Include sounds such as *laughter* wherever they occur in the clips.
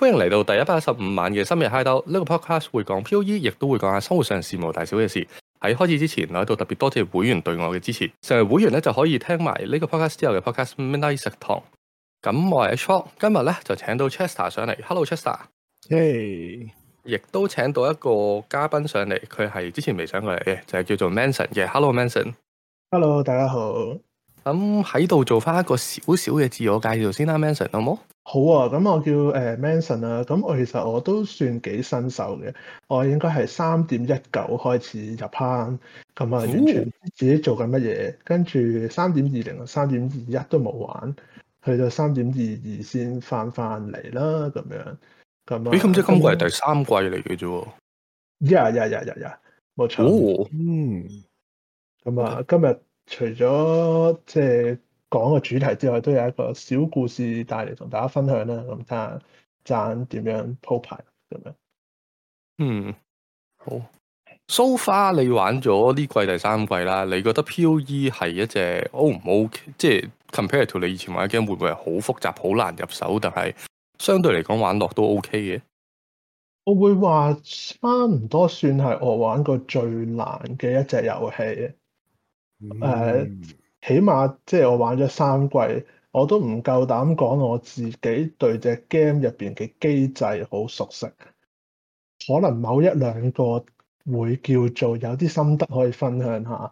歡迎嚟到第一百一十五晚嘅《深夜嗨兜》，呢、這個 podcast 會講 PoE，亦都會講下生活上事無大小嘅事。喺開始之前，我喺度特別多謝會員對我嘅支持。成為會員咧，就可以聽埋呢個 podcast 之後嘅 podcast《Midnight 食堂》。咁我係 Chock，今日咧就請到 Chester 上嚟。Hello Chester，誒，亦 Hey 都請到一個嘉賓上嚟，佢係之前未上過嚟嘅，就係、是、叫做 Manson 嘅、yeah,。Hello Manson，Hello 大家好。咁喺度做翻一個少少嘅自我介紹先啦，Manson，好冇？好啊，咁我叫誒 Manson 啊。咁我其實我都算幾新手嘅，我應該係三點一九開始入坑，咁啊完全唔知自己做緊乜嘢，跟住三點二零、三點二一都冇玩，去到三點二二先翻翻嚟啦，咁樣，咁樣，咦，咁即係今季係第三季嚟嘅啫。yeah 呀呀呀呀，冇錯，嗯，咁、yeah, 啊今日。除咗即係講個主題之外，都有一個小故事帶嚟，同大家分享啦。咁睇下，贊點樣鋪排咁樣？嗯，好。So far，你玩咗呢季第三季啦？你覺得 PoE 係一隻 O 唔 O？即係 compare to 你以前玩嘅 game，會唔會係好複雜、好難入手？但係相對嚟講，玩落都 OK 嘅。我會話差唔多算係我玩過最難嘅一隻遊戲。誒，mm hmm. uh, 起碼，即係我玩咗三季，我都唔夠膽講我自己對隻 game 入邊嘅機制好熟悉。可能某一兩個會叫做有啲心得可以分享下，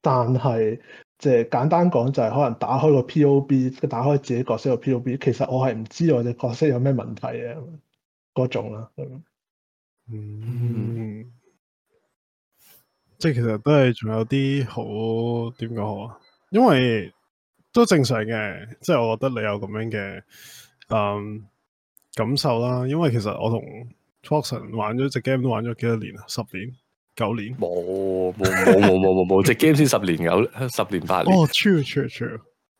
但係即係簡單講就係可能打開個 POB，打開自己角色個 POB，其實我係唔知道我隻角色有咩問題嘅嗰種啦、啊。嗯、mm。Hmm. 即係其實都係仲有啲好點講好啊，因為都正常嘅，即係我覺得你有咁樣嘅嗯感受啦。因為其實我同 Troxon 玩咗隻 game 都玩咗幾多年啦，十年、九年。冇冇冇冇冇冇冇隻 game 先十年有，十年八年。哦超，超，超！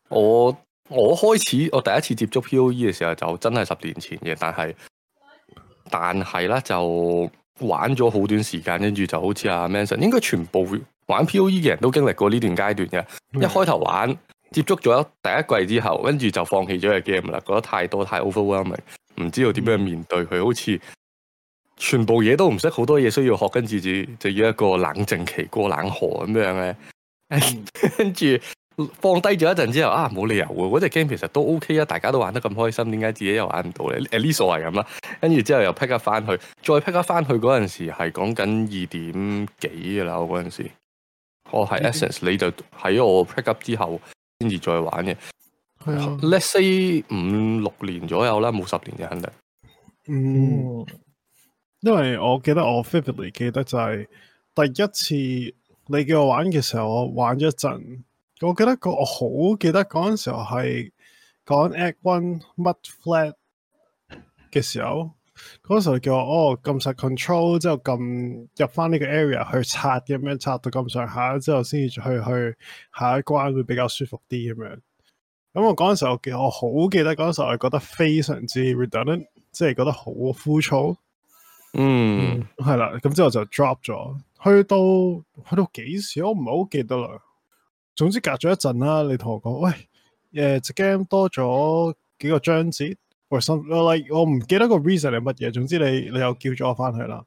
我我開始我第一次接觸 POE 嘅時候就真係十年前嘅，但係但係咧就。玩咗好短時間，跟住就好似阿 Manson，應該全部玩 POE 嘅人都經歷過呢段階段嘅。Mm hmm. 一開頭玩接觸咗第一季之後，跟住就放棄咗個 game 啦，覺得太多太 overwhelming，唔知道點樣面對佢，mm hmm. 好似全部嘢都唔識，好多嘢需要學，跟住就就要一個冷靜期過冷河咁樣咧，跟住、mm。Hmm. *laughs* 放低咗一陣之後啊，冇理由嘅。嗰隻 game 其實都 OK 啊，大家都玩得咁開心，點解自己又玩唔到咧？誒呢所謂咁啦，跟住之後又 pick up 翻去，再 pick up 翻去嗰陣時係講緊二點幾嘅啦。我嗰陣時，我係 Essence 你就喺我 pick up 之後先至再玩嘅。Let's say 五六年左右啦，冇十年嘅肯定。嗯，因為我記得我 vividly 記得就係、是、第一次你叫我玩嘅時候，我玩一陣。我記得個我好記得嗰陣時候係講 act one mud flat 嘅時候，嗰陣時候叫我哦，撳實 control 之後撳入翻呢個 area 去刷咁樣，刷到咁上下之後，先至去去下一關會比較舒服啲咁樣。咁我嗰陣時候我我好記得嗰陣時候係覺得非常之 redundant 即係覺得好枯燥。嗯，係啦、嗯，咁之後就 drop 咗，去到去到幾時我唔係好記得啦。總之隔咗一陣啦，你同我講，喂，誒、yeah,，隻 game 多咗幾個章節，喂 some、like，我唔記得個 reason 係乜嘢。總之你你又叫咗我翻去啦，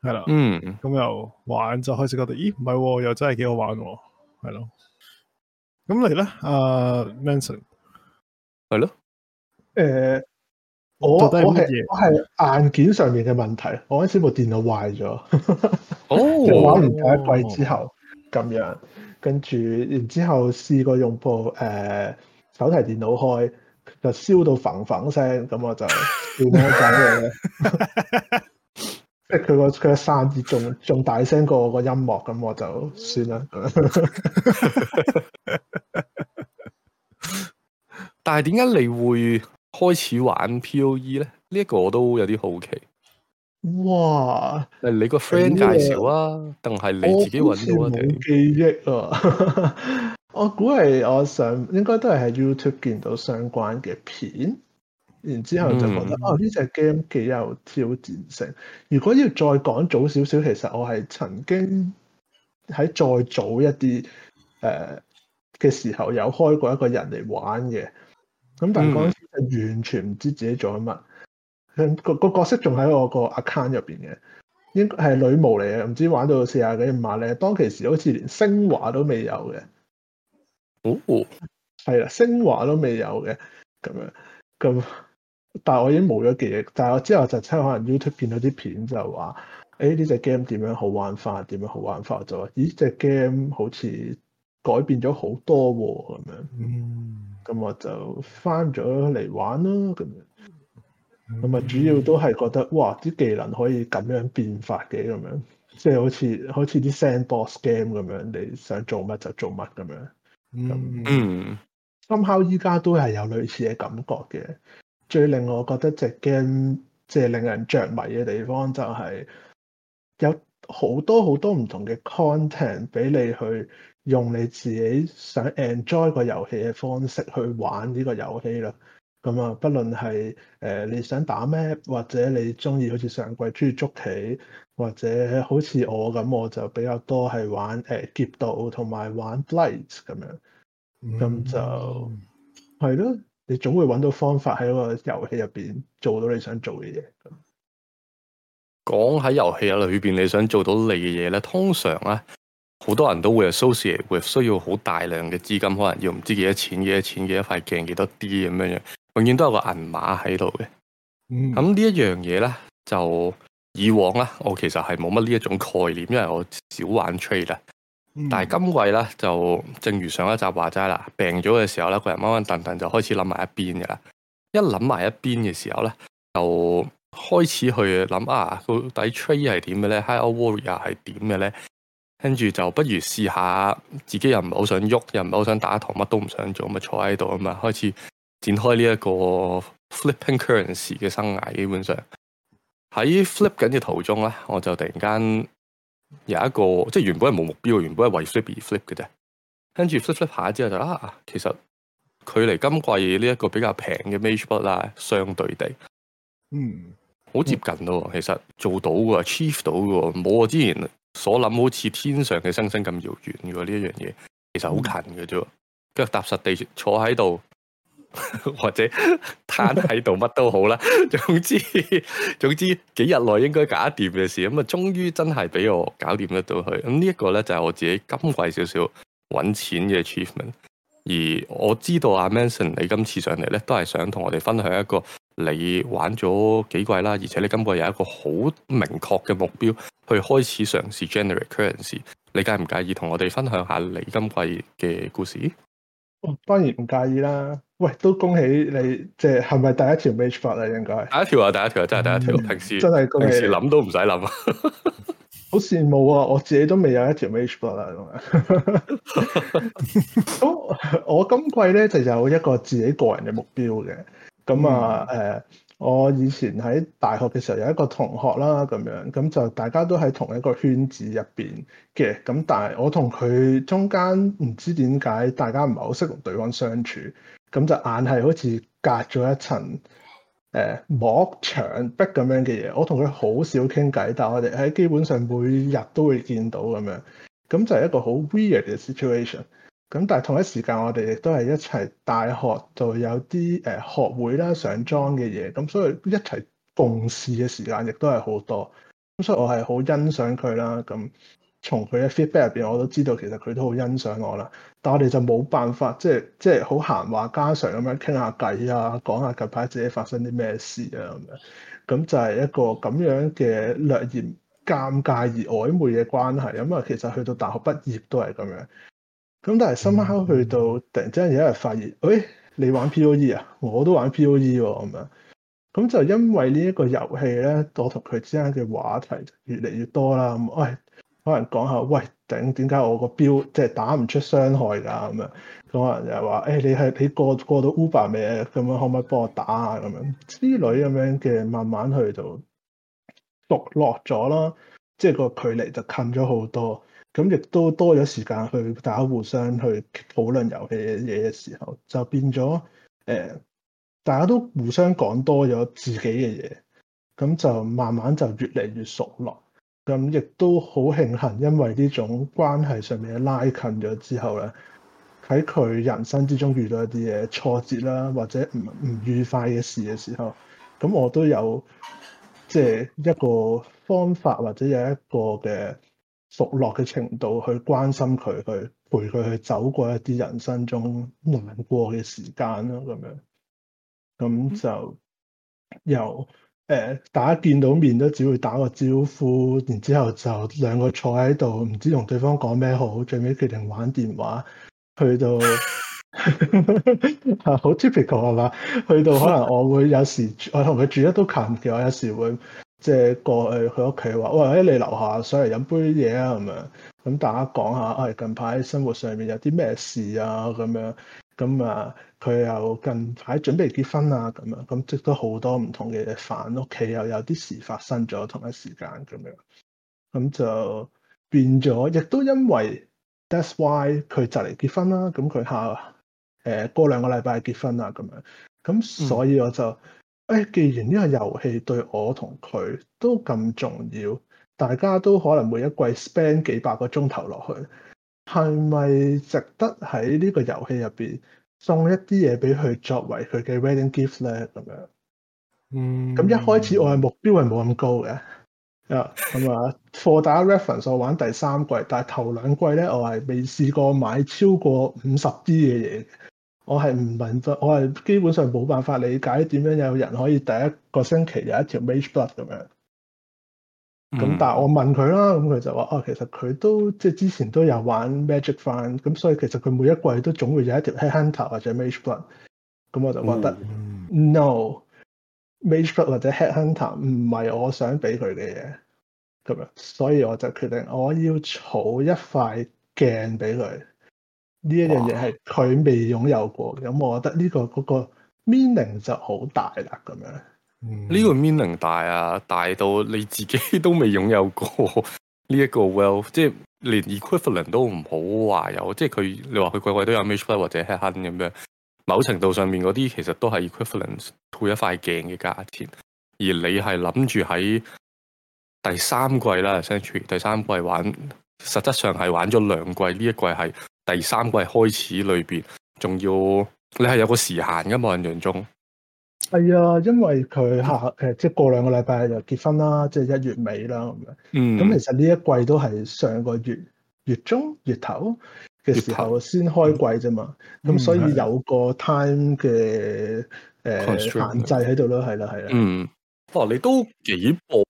係啦、嗯嗯，嗯，咁又玩就開始覺得，咦、嗯，唔、嗯、係，又真係幾好玩，係咯 Hello?、呃。咁嚟咧，阿 Manson 係咯，誒，我我係我係硬件上面嘅問題，我開始部電腦壞咗，即、 *laughs* oh, *laughs* 玩完第一季之後咁樣。跟住，然之後試過用部誒、呃、手提電腦開，就燒到砰砰聲，咁、嗯、我就變咗鬼嘅。即係佢個佢嘅散熱仲仲大聲過我個音樂，咁、嗯、我就算啦。嗯、 *laughs* *laughs* 但係點解你會開始玩 P O E 咧？呢、這、一個我都有啲好奇。哇！係你個 friend 介紹啊，定係、嗯、你自己搵到啊？我好似冇記憶啊！ *laughs* 我估係我想應該都係喺 YouTube 見到相關嘅片，然之後就覺得、嗯、哦呢隻 game 幾有挑戰性。如果要再講早少少，其實我係曾經喺再早一啲誒嘅時候，有開過一個人嚟玩嘅，咁但係嗰陣時就完全唔知自己做緊乜。佢個角色仲喺我個 account 入邊嘅，應該係女巫嚟嘅，唔知玩到四廿幾五碼咧。當其時好似連昇華都未有嘅，哦，哦，係啦，昇華都未有嘅咁樣咁，但係我已經冇咗記憶。但係我之後就睇可能 YouTube 見到啲片就話，誒呢隻 game 點樣好玩法，點樣好玩法，就話咦隻 game、這個、好似改變咗好多喎、啊、咁樣，嗯，咁我就翻咗嚟玩啦咁樣。咁埋、嗯、主要都係覺得，哇！啲技能可以咁樣變化嘅咁樣，即係好似好似啲 sandbox game 咁樣，你想做乜就做乜咁樣，嗯。嗯，深烤依家都係有類似嘅感覺嘅。最令我覺得隻 game 即係令人着迷嘅地方，就係有好多好多唔同嘅 content 俾你去用你自己想 enjoy 個遊戲嘅方式去玩呢個遊戲啦。咁啊，不論係誒你想打咩，或者你中意好似上季中意捉棋，或者好似我咁，我就比較多係玩誒、呃、劫盜同埋玩 blight 咁樣。咁就係咯、嗯，你總會揾到方法喺個遊戲入邊做到你想做嘅嘢。講喺、嗯、遊戲入裏邊，你想做到你嘅嘢咧，通常咧、啊，好多人都會 social 會需要好大量嘅資金，可能要唔知幾多錢幾多錢幾多塊鏡幾多啲咁樣樣。永遠都有個銀碼喺度嘅，咁呢一樣嘢呢，就以往呢，我其實係冇乜呢一種概念，因為我少玩 trade 啦。但係今季呢，就正如上一集話齋啦，病咗嘅時候呢，個人掹掹鄧鄧就開始諗埋一邊嘅啦。一諗埋一邊嘅時候呢，就開始去諗啊，到底 trade 係點嘅呢？high and warrior 係點嘅呢？呢」跟住就不如試下自己又唔係好想喐，又唔係好想打堂，乜都唔想做，咪坐喺度啊嘛，開始。展開呢一個 flipping currency 嘅生涯，基本上喺 flip 緊嘅途中咧，我就突然間有一個，即係原本係冇目標，原本係為 flip 而 flip 嘅啫。跟住 flip flip 下之後就啊，其實距離今季呢一個比較平嘅 major 啦，相對地，嗯，好接近咯。其實做到嘅，achieve 到嘅，冇我之前所諗好似天上嘅星星咁遙遠嘅呢一樣嘢，其實好近嘅啫。腳踏實地坐喺度。 *laughs* 或者攤喺度乜都好啦，總之總之幾日內應該搞掂嘅事，咁啊終於真係俾我搞掂得到佢。咁、嗯這個、呢一個咧就係、是、我自己今季少少揾錢嘅 achievement。而我知道阿、啊、Manson 你今次上嚟呢，都係想同我哋分享一個你玩咗幾季啦，而且你今季有一個好明確嘅目標去開始嘗試 generate currency。你介唔介意同我哋分享下你今季嘅故事？哦，當然唔介意啦。喂，都恭喜你，即係咪第一條 match 法啊？應該第一條啊，第一條啊，真係第一條。嗯、平時真係平時諗都唔使諗， *laughs* 好羨慕啊！我自己都未有一條 match 法啦。咁 *laughs* *laughs* *laughs* 我今季咧，就有一個自己個人嘅目標嘅。咁啊，誒、嗯啊，我以前喺大學嘅時候有一個同學啦，咁樣咁就大家都喺同一個圈子入邊嘅。咁但係我同佢中間唔知點解，大家唔係好識同對方相處。咁就硬係好似隔咗一層誒、膜牆壁咁樣嘅嘢，我同佢好少傾偈，但係我哋喺基本上每日都會見到咁樣，咁就係一個好 weird 嘅 situation。咁但係同一時間我哋亦都係一齊大學就有啲誒、學會啦、上莊嘅嘢，咁所以一齊共事嘅時間亦都係好多。咁所以我係好欣賞佢啦，咁。從佢嘅 feedback 入邊，我都知道其實佢都好欣賞我啦。但我哋就冇辦法，即係即係好閒話家常咁樣傾下偈啊，講下近排自己發生啲咩事啊咁樣。咁就係一個咁樣嘅略嫌尷尬而曖昧嘅關係。咁啊，其實去到大學畢業都係咁樣。咁但係，深刻去到突然之間有一日發現，誒、嗯哎，你玩 POE 啊？我都玩 POE 喎、啊。咁樣咁就因為呢一個遊戲咧，我同佢之間嘅話題就越嚟越多啦。咁、哎，喂～可能講下，喂，頂點解我個標即係打唔出傷害㗎咁樣？咁可能就係話，誒，你係你過過到 Uber 未？咁樣可唔可以幫我打啊？咁樣之類咁樣嘅，慢慢去就熟落咗啦，即係個距離就近咗好多。咁亦都多咗時間去大家互相去討論遊戲嘅嘢嘅時候，就變咗誒、呃，大家都互相講多咗自己嘅嘢，咁就慢慢就越嚟越熟落。咁亦都好慶幸，因為呢種關係上面拉近咗之後咧，喺佢人生之中遇到一啲嘢挫折啦，或者唔唔愉快嘅事嘅時候，咁我都有即係一個方法，或者有一個嘅熟絡嘅程度去關心佢，去陪佢去走過一啲人生中難過嘅時間咯，咁樣咁就有。誒，大家見到面都只會打個招呼，然之後就兩個坐喺度，唔知同對方講咩好，最尾決定玩電話，去到好 *laughs* *laughs* typical 係嘛？去到可能我會有時，我同佢住一都近嘅，我有時會即係過去佢屋企話，喂，喺你樓下上嚟飲杯嘢啊，咁樣咁大家講下，係近排生活上面有啲咩事啊，咁樣咁啊。佢又近排準備結婚啊，咁樣咁，即都好多唔同嘅嘢，返屋企又有啲事發生咗，同一時間咁樣，咁就變咗，亦都因為 that's why 佢就嚟結婚啦。咁佢下誒、呃、過兩個禮拜結婚啊，咁樣咁所以我就誒、嗯哎，既然呢個遊戲對我同佢都咁重要，大家都可能每一季 spend 幾百個鐘頭落去，係咪值得喺呢個遊戲入邊？送一啲嘢俾佢作為佢嘅 wedding gift 咧，咁樣。嗯。咁一開始我嘅目標係冇咁高嘅。啊、yeah, *laughs* 嗯。咁啊。for 打 reference，我玩第三季，但係頭兩季咧，我係未試過買超過五十 D 嘅嘢。我係唔明白，我係基本上冇辦法理解點樣有人可以第一個星期有一條 mage blood 咁樣。咁、嗯、但係我問佢啦，咁佢就話：哦，其實佢都即係之前都有玩 Magic Find，咁所以其實佢每一季都總會有一條 Head Hunter 或者 Mageblood 咁我就覺得、嗯、No Mageblood 或者 Head Hunter 唔係我想俾佢嘅嘢，咁樣，所以我就決定我要儲一塊鏡俾佢。呢一樣嘢係佢未擁有過，咁我覺得呢、這個嗰、那個 meaning 就好大啦，咁樣。呢、嗯、個 meaning 大啊，大到你自己都未擁有過呢一個 wealth 即係連 equivalent 都唔好話有。即係佢你話佢季季都有 Mageblood 或者 Headhunter 咁樣，某程度上面嗰啲其實都係 equivalent 配一塊鏡嘅價錢。而你係諗住喺第三季啦，century 第三季玩，實質上係玩咗兩季，呢一季係第三季開始裏邊，仲要你係有個時限㗎嘛，印象中。係啊，因為佢下誒，即係過兩個禮拜就結婚啦，即係一月尾啦咁樣。嗯，咁其實呢一季都係上個月月中、月頭嘅時候先開季啫嘛。咁、嗯、所以有個 time 嘅誒、嗯、限制喺度咯，係咯，係啊。嗯，哇、哦，你都幾搏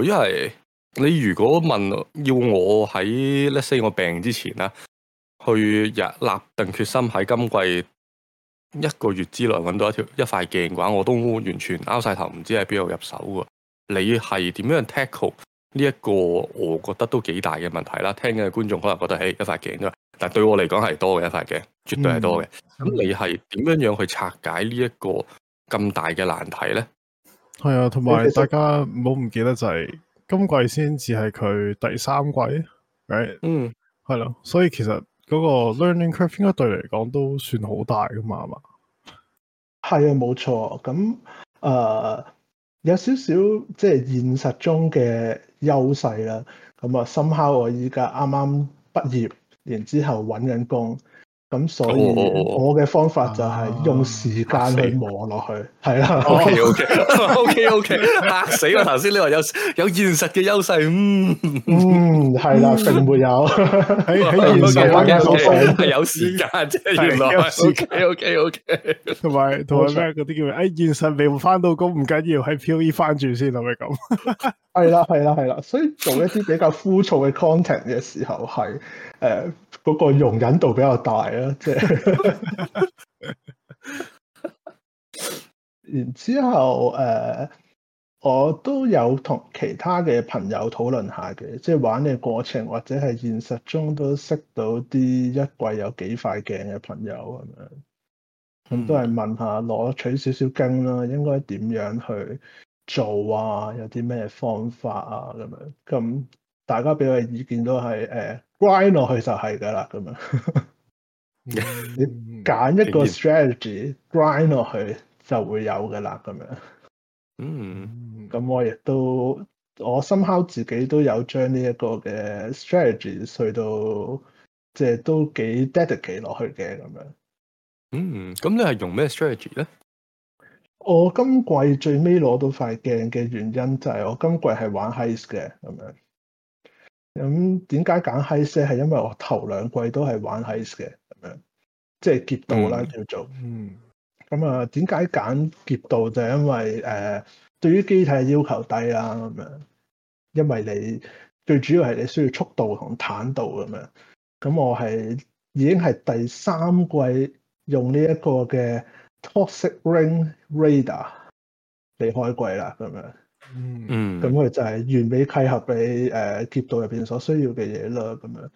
嘅，因為你如果問要我喺 let's say 我病之前咧，去日立定決心喺今季。一個月之內揾到一條一塊鏡嘅話，我都完全拗晒頭，唔知喺邊度入手噶。你係點樣 tackle 呢一個？我覺得都幾大嘅問題啦。聽緊嘅觀眾可能覺得，嘿，一塊鏡啫。但對我嚟講係多嘅一塊鏡，絕對係多嘅。咁、嗯、你係點樣樣去拆解呢一個咁大嘅難題咧？係啊，同埋大家唔好唔記得就係今季先至係佢第三季，係、right? 嗯係咯，所以其實。嗰個 learning curve 應該對你嚟講都算好大㗎嘛，係嘛？係啊，冇錯。咁誒、呃、有少少即係現實中嘅優勢啦。咁啊，somehow 我依家啱啱畢業，然之後揾緊工。咁所以我嘅方法就係用時間去磨落去，係啦。O K O K O K O K 嚇死我！頭先你話有有現實嘅優勢，嗯嗯，係啦，嗯、並沒有喺喺、嗯、 *laughs* 現實環境係有時間，即係、okay, okay, okay, 原來。O K O K O K 同埋同埋咩嗰啲叫誒，現實未翻到工唔緊要，喺 P O E 返住先係咪咁？係啦，係啦，係啦，所以做一啲比較枯燥嘅 content 嘅時候係。誒嗰個容忍度比較大啦，即係， *laughs* 然之後誒，我都有同其他嘅朋友討論下嘅，即係玩嘅過程或者係現實中都識到啲一季有幾塊鏡嘅朋友咁樣，咁、嗯、都係問下攞取少少經啦，應該點樣去做啊？有啲咩方法啊？咁樣，咁大家俾我意見都係誒。呃 grind 落去就係噶啦，咁 *laughs* 樣 *laughs* 你揀一個 strategy grind 落去就會有噶啦，咁 *laughs* 樣、mm。嗯，咁我亦都我深刻自己都有將呢一個嘅 strategy 去到，即、就、係、是、都幾 dedicate 落去嘅咁樣。嗯、mm，咁、hmm。你係用咩 strategy 咧？我今季最尾攞到塊鏡嘅原因就係我今季係玩 heist 嘅咁樣。咁點解揀 Heist？係因為我頭兩季都係玩 Heist 嘅，咁樣即係劫盜啦，叫做。嗯。咁啊，點解揀劫盜？就因為誒、呃，對於機體嘅要求低啦、啊，咁樣。因為你最主要係你需要速度同坦度咁樣。咁我係已經係第三季用呢一個嘅 Toxic Rain Radar 嚟開季啦，咁樣。嗯，咁佢就係完美契合畀誒，劫盜入邊所需要嘅嘢啦。咁樣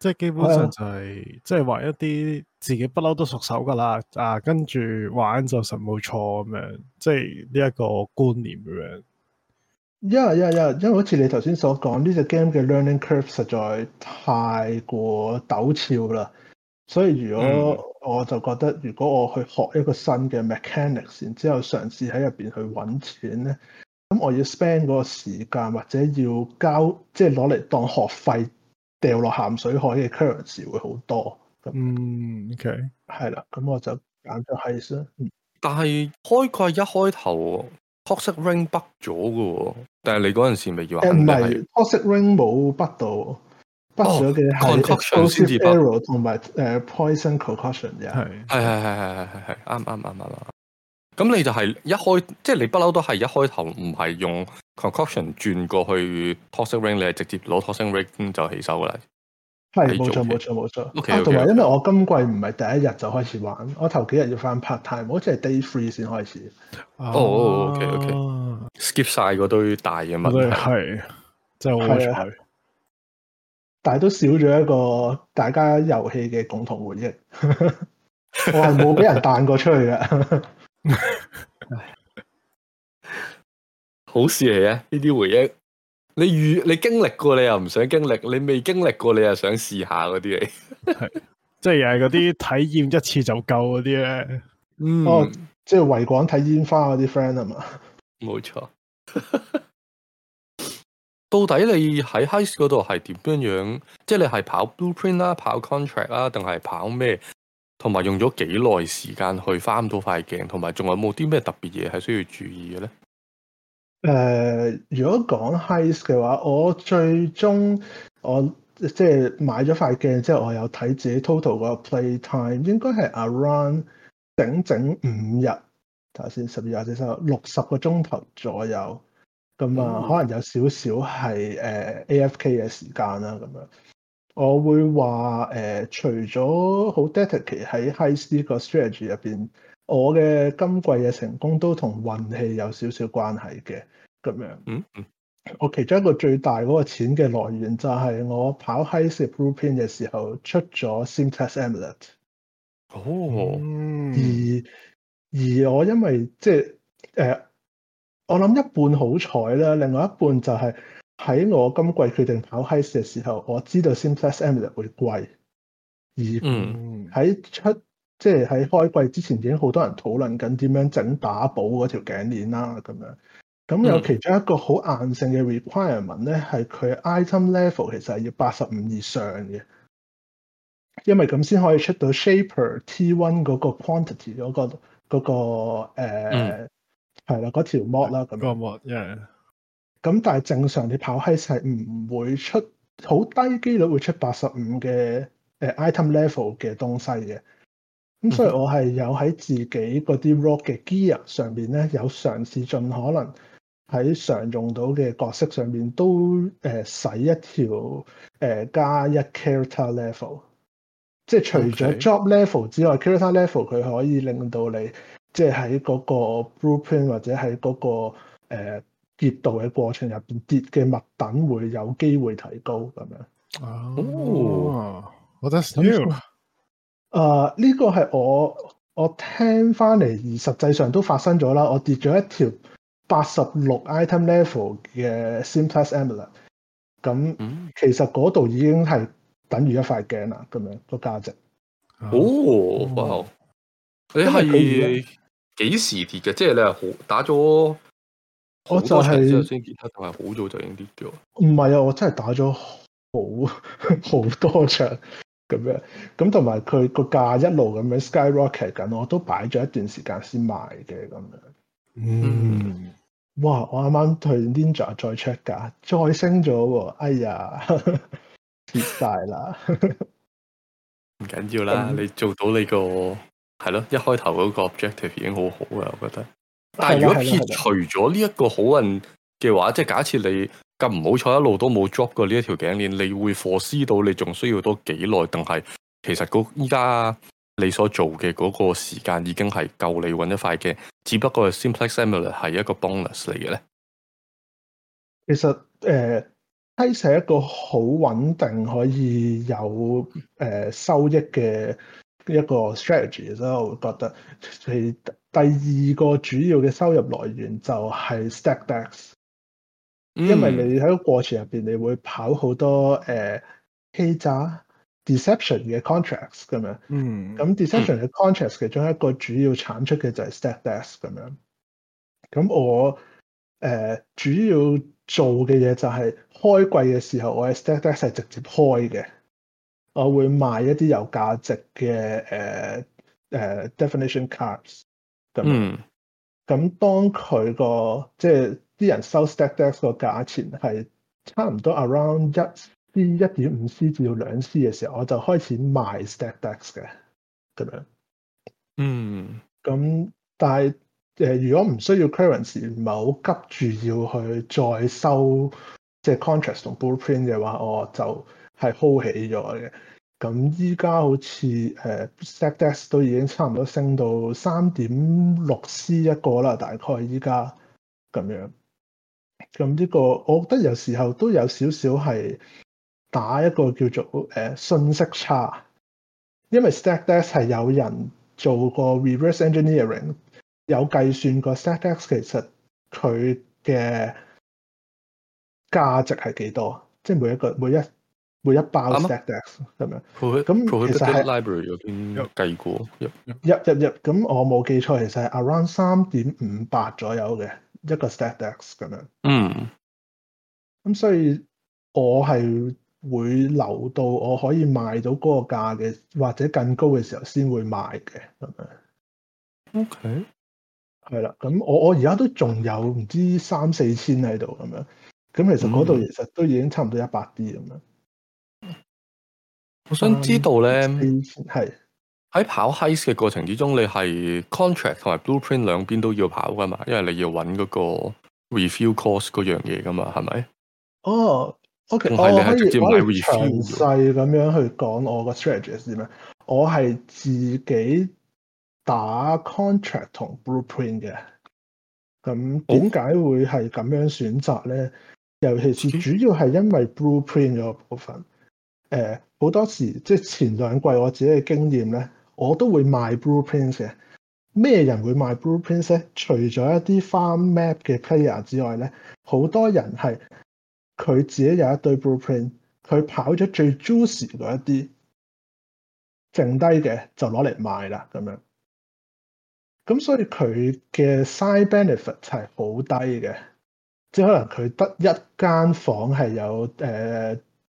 即係基本上就係、是哎、呀即係話一啲自己不嬲都熟手噶啦啊，跟住玩就實冇錯咁樣。即係呢一個觀念咁樣。因為，因為，因為，因為好似你頭先所講呢隻 game 嘅 learning curve 實在太過陡峭啦，所以如果我就覺得，如果我去學一個新嘅 mechanics 然之後嘗試喺入邊去搵錢咧。咁我要 spend 嗰個時間或者要交，即係攞嚟當學費掉落鹹水海嘅 currency 會好多。咁、嗯、OK，係啦。咁我就揀咗係先。但係開季一開頭，toxic ring 北咗嘅。但係你嗰陣時咪要話？唔係 toxic ring 冇北到，北咗嘅係 toxic error 同埋誒 poison concoction。係係係係係係係，啱啱啱啱。咁、嗯、你就係一開，即係你不嬲都係一開頭唔係用 concoction 轉過去,去 tossing ring，你係直接攞 tossing ring 就起手噶啦。係冇錯冇錯冇錯。啊，同埋、okay, okay, 因為我今季唔係第一日就開始玩，我頭幾日要返 part time，我好似係 day three 先開始。哦、oh,，OK OK，skip 晒嗰堆大嘅問題，係就係，但係都少咗一個大家遊戲嘅共同回憶。我係冇俾人彈過出去㗎。 *laughs* 好事嚟啊！呢啲回憶，你遇你經歷過，你又唔想經歷；你未經歷過，你又想試下嗰啲嚟，即係又係嗰啲體驗一次就夠嗰啲咧。嗯， *laughs* 哦，即係維港睇煙花嗰啲 friend 係嘛，冇錯。到底你喺 Heist 嗰度係點樣樣？即係你係跑 blueprint 啦、啊，跑 contract 啦、啊，定係跑咩？同埋用咗幾耐時間去翻到塊鏡，同埋仲有冇啲咩特別嘢係需要注意嘅咧？誒、呃，如果講 Heist 嘅話，我最終我即係買咗塊鏡之後，我有睇自己 total 個 play time，應該係 around 整整五日，頭先十二、十四、十六、六十個鐘頭左右。咁啊，嗯、可能有少少係誒、呃、AFK 嘅時間啦，咁樣。我會話誒、呃，除咗好 d e d i c a t e 喺 Heist 個 strategy 入邊，我嘅今季嘅成功都同運氣有少少關係嘅咁樣。嗯嗯、mm。Hmm. 我其中一個最大嗰個錢嘅來源就係我跑 Heist Blueprint 嘅時候出咗 Simplex Amulet。哦。Oh. 嗯嗯、而而我因為即係誒、呃，我諗一半好彩啦，另外一半就係、是。喺我今季決定跑 Heist 嘅時候，我知道 Simplex Amulet 會貴。而喺出即係喺開季之前，已經好多人討論緊點樣整打寶嗰條頸鏈啦，咁樣。咁有其中一個好硬性嘅 requirement 咧，係佢 item level 其實係要八十五以上嘅，因為咁先可以出到 Shaper T one 嗰個 quantity 嗰、嗰個、嗰個誒係啦，條、呃嗯啊、mod 啦咁個 mod 因咁但係正常你跑 Heist 係唔會出，好低機率會出八十五嘅誒 item level 嘅東西嘅。咁所以我係有喺自己嗰啲 rock 嘅 gear 上邊咧，有嘗試盡可能喺常用到嘅角色上面都誒使一條誒加一 character level，即係除咗 job level 之外，character level 佢可以令到你即係喺嗰個 blueprint 或者喺嗰個誒跌道嘅過程入邊，跌嘅物等會有機會提高咁樣。哦、oh, well 呃這個，我得新。誒，呢個係我我聽翻嚟，而實際上都發生咗啦。我跌咗一條八十六 item level 嘅 Simplex Amulet 咁其實嗰度已經係等於一塊鏡啦，咁樣個價值。哦、oh, wow. 嗯，你係幾時跌嘅？即係你係打咗？我就係、是、先吉他，他就，但係好早就已經跌咗。唔係啊，我真係打咗好好多場咁樣，咁同埋佢個價一路咁樣 skyrocket 緊，我都擺咗一段時間先賣嘅咁樣。嗯，哇！我啱啱去 Ninja 再 check 價，再升咗，啊。哎呀，跌 *laughs* 晒掉了 *laughs* 啦。唔緊要啦，你做到你個係咯，一開頭嗰個 objective 已經好好嘅，我覺得。但係如果撇除咗呢一個好運嘅話，即係假設你咁唔好彩，一路都冇 drop 過呢一條頸鏈，你會 foresee 到你仲需要多幾耐，定係其實嗰依家你所做嘅嗰個時間已經係夠你搵一塊嘅？只不過 Simplex Amulet 係一個 bonus 嚟嘅咧。其實誒、低、呃、息一個好穩定可以有誒、呃、收益嘅一個 strategy，所以我會覺得係。呃第二個主要嘅收入來源就係 Stacked Deck，嗯、因為你喺個過程入邊，你會跑好多誒、呃、欺詐、deception 嘅 contracts 咁樣。嗯，咁 deception 嘅、嗯、contracts 其中一個主要產出嘅就係 Stacked Deck 咁樣。咁我誒、呃、主要做嘅嘢就係開季嘅時候，我係 Stacked Deck 係直接開嘅，我會賣一啲有價值嘅誒誒 definition cards。呃呃 Defin 咁，咁、嗯、當佢個即係啲人收 Stacked Deck 個價錢係差唔多 around 一 c 一點五 c 至到兩 c 嘅時候，我就開始賣 Stacked Deck 嘅咁樣。嗯，咁但係誒、呃，如果唔需要 currency，唔係好急住要去再收即係、就是、contract 同 blueprint 嘅話，我就係 hold 起咗嘅。咁依家好似誒 Stacked Deck 都已經差唔多升到三點六 c 一個啦，大概依家咁樣。咁呢個我覺得有時候都有少少係打一個叫做誒、uh, 信息差，因為 Stacked Deck 係有人做過 reverse engineering，有計算過 Stacked Deck 其實佢嘅價值係幾多，即係每一個每一個。每一包 stacked deck 咁樣，咁其實係 library 入有計過，入入入咁我冇記錯，其實係 around 三點五八左右嘅一個 stacked deck 咁樣。嗯，咁所以我係會留到我可以賣到嗰個價嘅，或者更高嘅時候先會賣嘅咁 Okay. 樣。O K，係啦，咁我我而家都仲有唔知三四千喺度咁樣，咁其實嗰度其實都已經差唔多一百啲咁樣。我想知道咧，係喺、嗯、跑 heist 嘅過程之中，你係 contract 同埋 blueprint 兩邊都要跑噶嘛？因為你要揾嗰個 review course 嗰樣嘢噶嘛？係咪？哦，O、okay, K，、哦、我可以我詳細咁樣去講我個 strategy 咩？我係自己打 contract 同 blueprint 嘅。咁點解會係咁樣選擇咧？哦、尤其是主要係因為 blueprint 嗰個部分，誒、哦。哦好多時即係前兩季我自己嘅經驗咧，我都會賣 blueprints 嘅。咩人會賣 blueprints 咧？除咗一啲 farm map 嘅 player 之外咧，好多人係佢自己有一堆 blueprint，佢跑咗最 juicy 嗰一啲，剩低嘅就攞嚟賣啦咁樣。咁所以佢嘅 side benefit 係好低嘅，即係可能佢得一間房係有誒。呃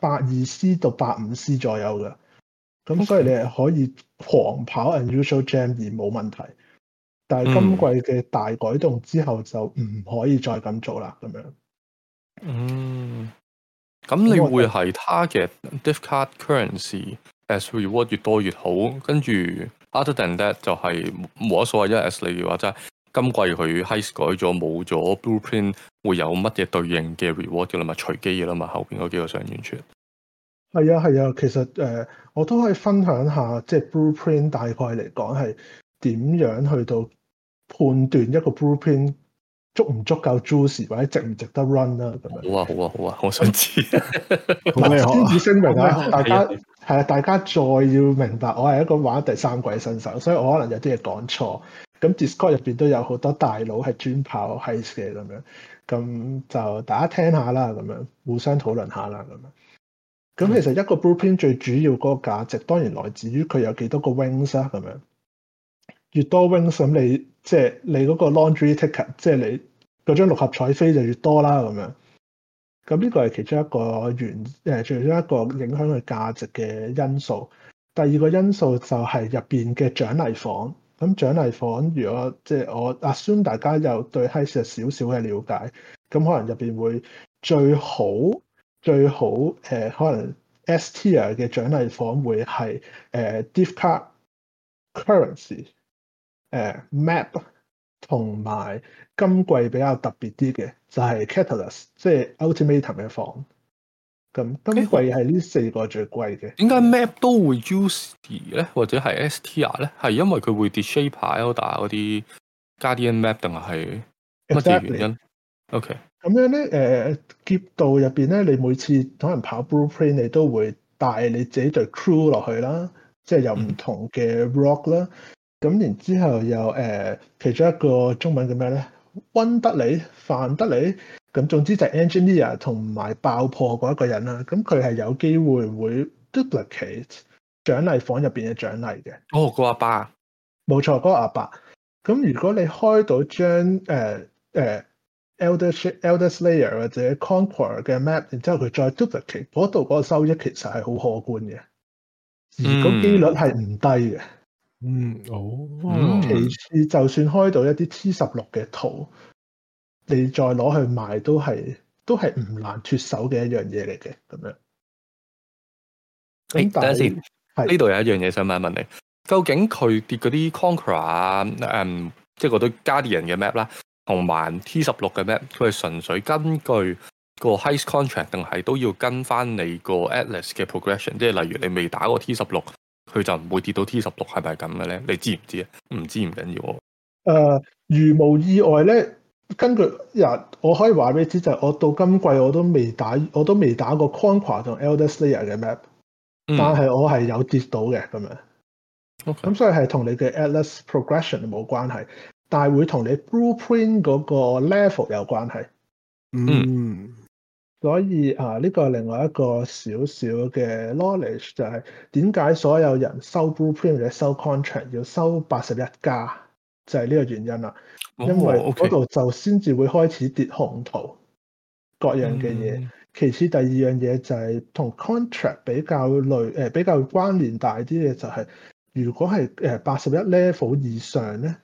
百二 C 到百五 C 左右嘅，咁所以你係可以狂跑 unusual gem 而冇問題。但係今季嘅大改動之後就唔可以再咁做啦，咁樣。嗯，咁你會係 target div card currency as reward 越多越好，跟住 other than that 就係冇乜所謂，因為例如話即係今季佢 heist 改咗冇咗 blueprint。會有乜嘢對應嘅 reward 嘅啦嘛？隨機嘢啦嘛？後邊嗰幾個想完全係啊係啊。其實誒，我都可以分享下，即係 blueprint 大概嚟講係點樣去到判斷一個 blueprint 足唔足夠 juicy 或者值唔值得 run 啦。咁樣好啊好啊好啊，我想知。啊。好嘅，先旨聲明啊， *laughs* 大家係啊 *laughs* 的，大家再要明白，我係一個玩第三季新手，所以我可能有啲嘢講錯。咁 Discord 入邊都有好多大佬係專跑 Heist 嘅咁樣。咁就大家聽下啦，咁樣互相討論下啦，咁樣。咁其實一個 blueprint 最主要嗰個價值，當然來自於佢有幾多個 wings 啦、啊。咁樣。越多 wings 咁你即係、就是、你嗰個 laundry ticket，即係你嗰張六合彩飛就越多啦，咁樣。咁呢個係其中一個原，誒，其中一個影響佢價值嘅因素。第二個因素就係入邊嘅獎勵房。咁獎勵房，如果即係我 assume 大家有對 Heist 少少嘅了解，咁可能入邊會最好最好誒、呃，可能 S tier 嘅獎勵房會係誒 Div Card Currency 誒、呃、Map 同埋今季比較特別啲嘅就係、是、Catalyst 即係 Ultimatum 嘅房。咁今季係呢四個最貴嘅。點解 map 都會 use 咧，或者係 str 咧？係因為佢會跌 shaper 牌，打嗰啲 guardian map 定係乜嘢原因 Exactly.？OK。咁樣咧，誒，劫盜入邊咧，你每次可能跑 blueprint，你都會帶你自己隊 crew 落去啦，即係有唔同嘅 rock 啦。咁、嗯、然之後又誒、呃，其中一個中文叫咩咧？溫得你，范得你。咁總之就係 Engineer 同埋爆破嗰一個人啦，咁佢係有機會會 duplicate 獎勵房入邊嘅獎勵嘅。哦，嗰、那、阿、個、爸，爸，冇錯，嗰、那個阿爸，爸。咁如果你開到張誒誒、呃呃、Elder Elder Slayer 或者 Conqueror 嘅 map，然之後佢再 duplicate 嗰度嗰個收益其實係好可觀嘅，而個機率係唔低嘅。嗯，好、嗯。哦、其次，就算開到一啲 T 十六嘅圖。你再攞去賣都係都係唔難脫手嘅一樣嘢嚟嘅咁樣。誒、欸，等陣先，係呢度有一樣嘢想問一問你，究竟佢跌嗰啲 conquer 啊、嗯，誒，即係嗰啲 g u 人嘅 map 啦，同埋 T 十六嘅 map，佢係純粹根據個 h i g h s t contract，定係都要跟翻你個 atlas 嘅 progression？即係例如你未打過 T 十六，佢就唔會跌到 T 十六，係咪係咁嘅咧？你知唔知啊？唔知唔緊要。誒、呃，如無意外咧。根據呀，我可以話俾你知就係、是，我到今季我都未打，我都未打過 conquer 同 Elderslayer 嘅 map，但係我係有跌到嘅咁樣。咁 Okay. 所以係同你嘅 Atlas progression 冇關係，但係會同你 blueprint 嗰個 level 有關係。嗯，嗯，所以啊，呢、這個另外一個小小嘅 knowledge 就係點解所有人收 blueprint 或者收 contract 要收八十一家？就係呢個原因啦，因為嗰度、oh, okay. 就先至會開始跌紅圖，各樣嘅嘢。Mm hmm. 其次第二樣嘢就係、是、同 contract 比較類，誒比較關聯大啲嘅就係、是，如果係誒八十一 level 以上咧，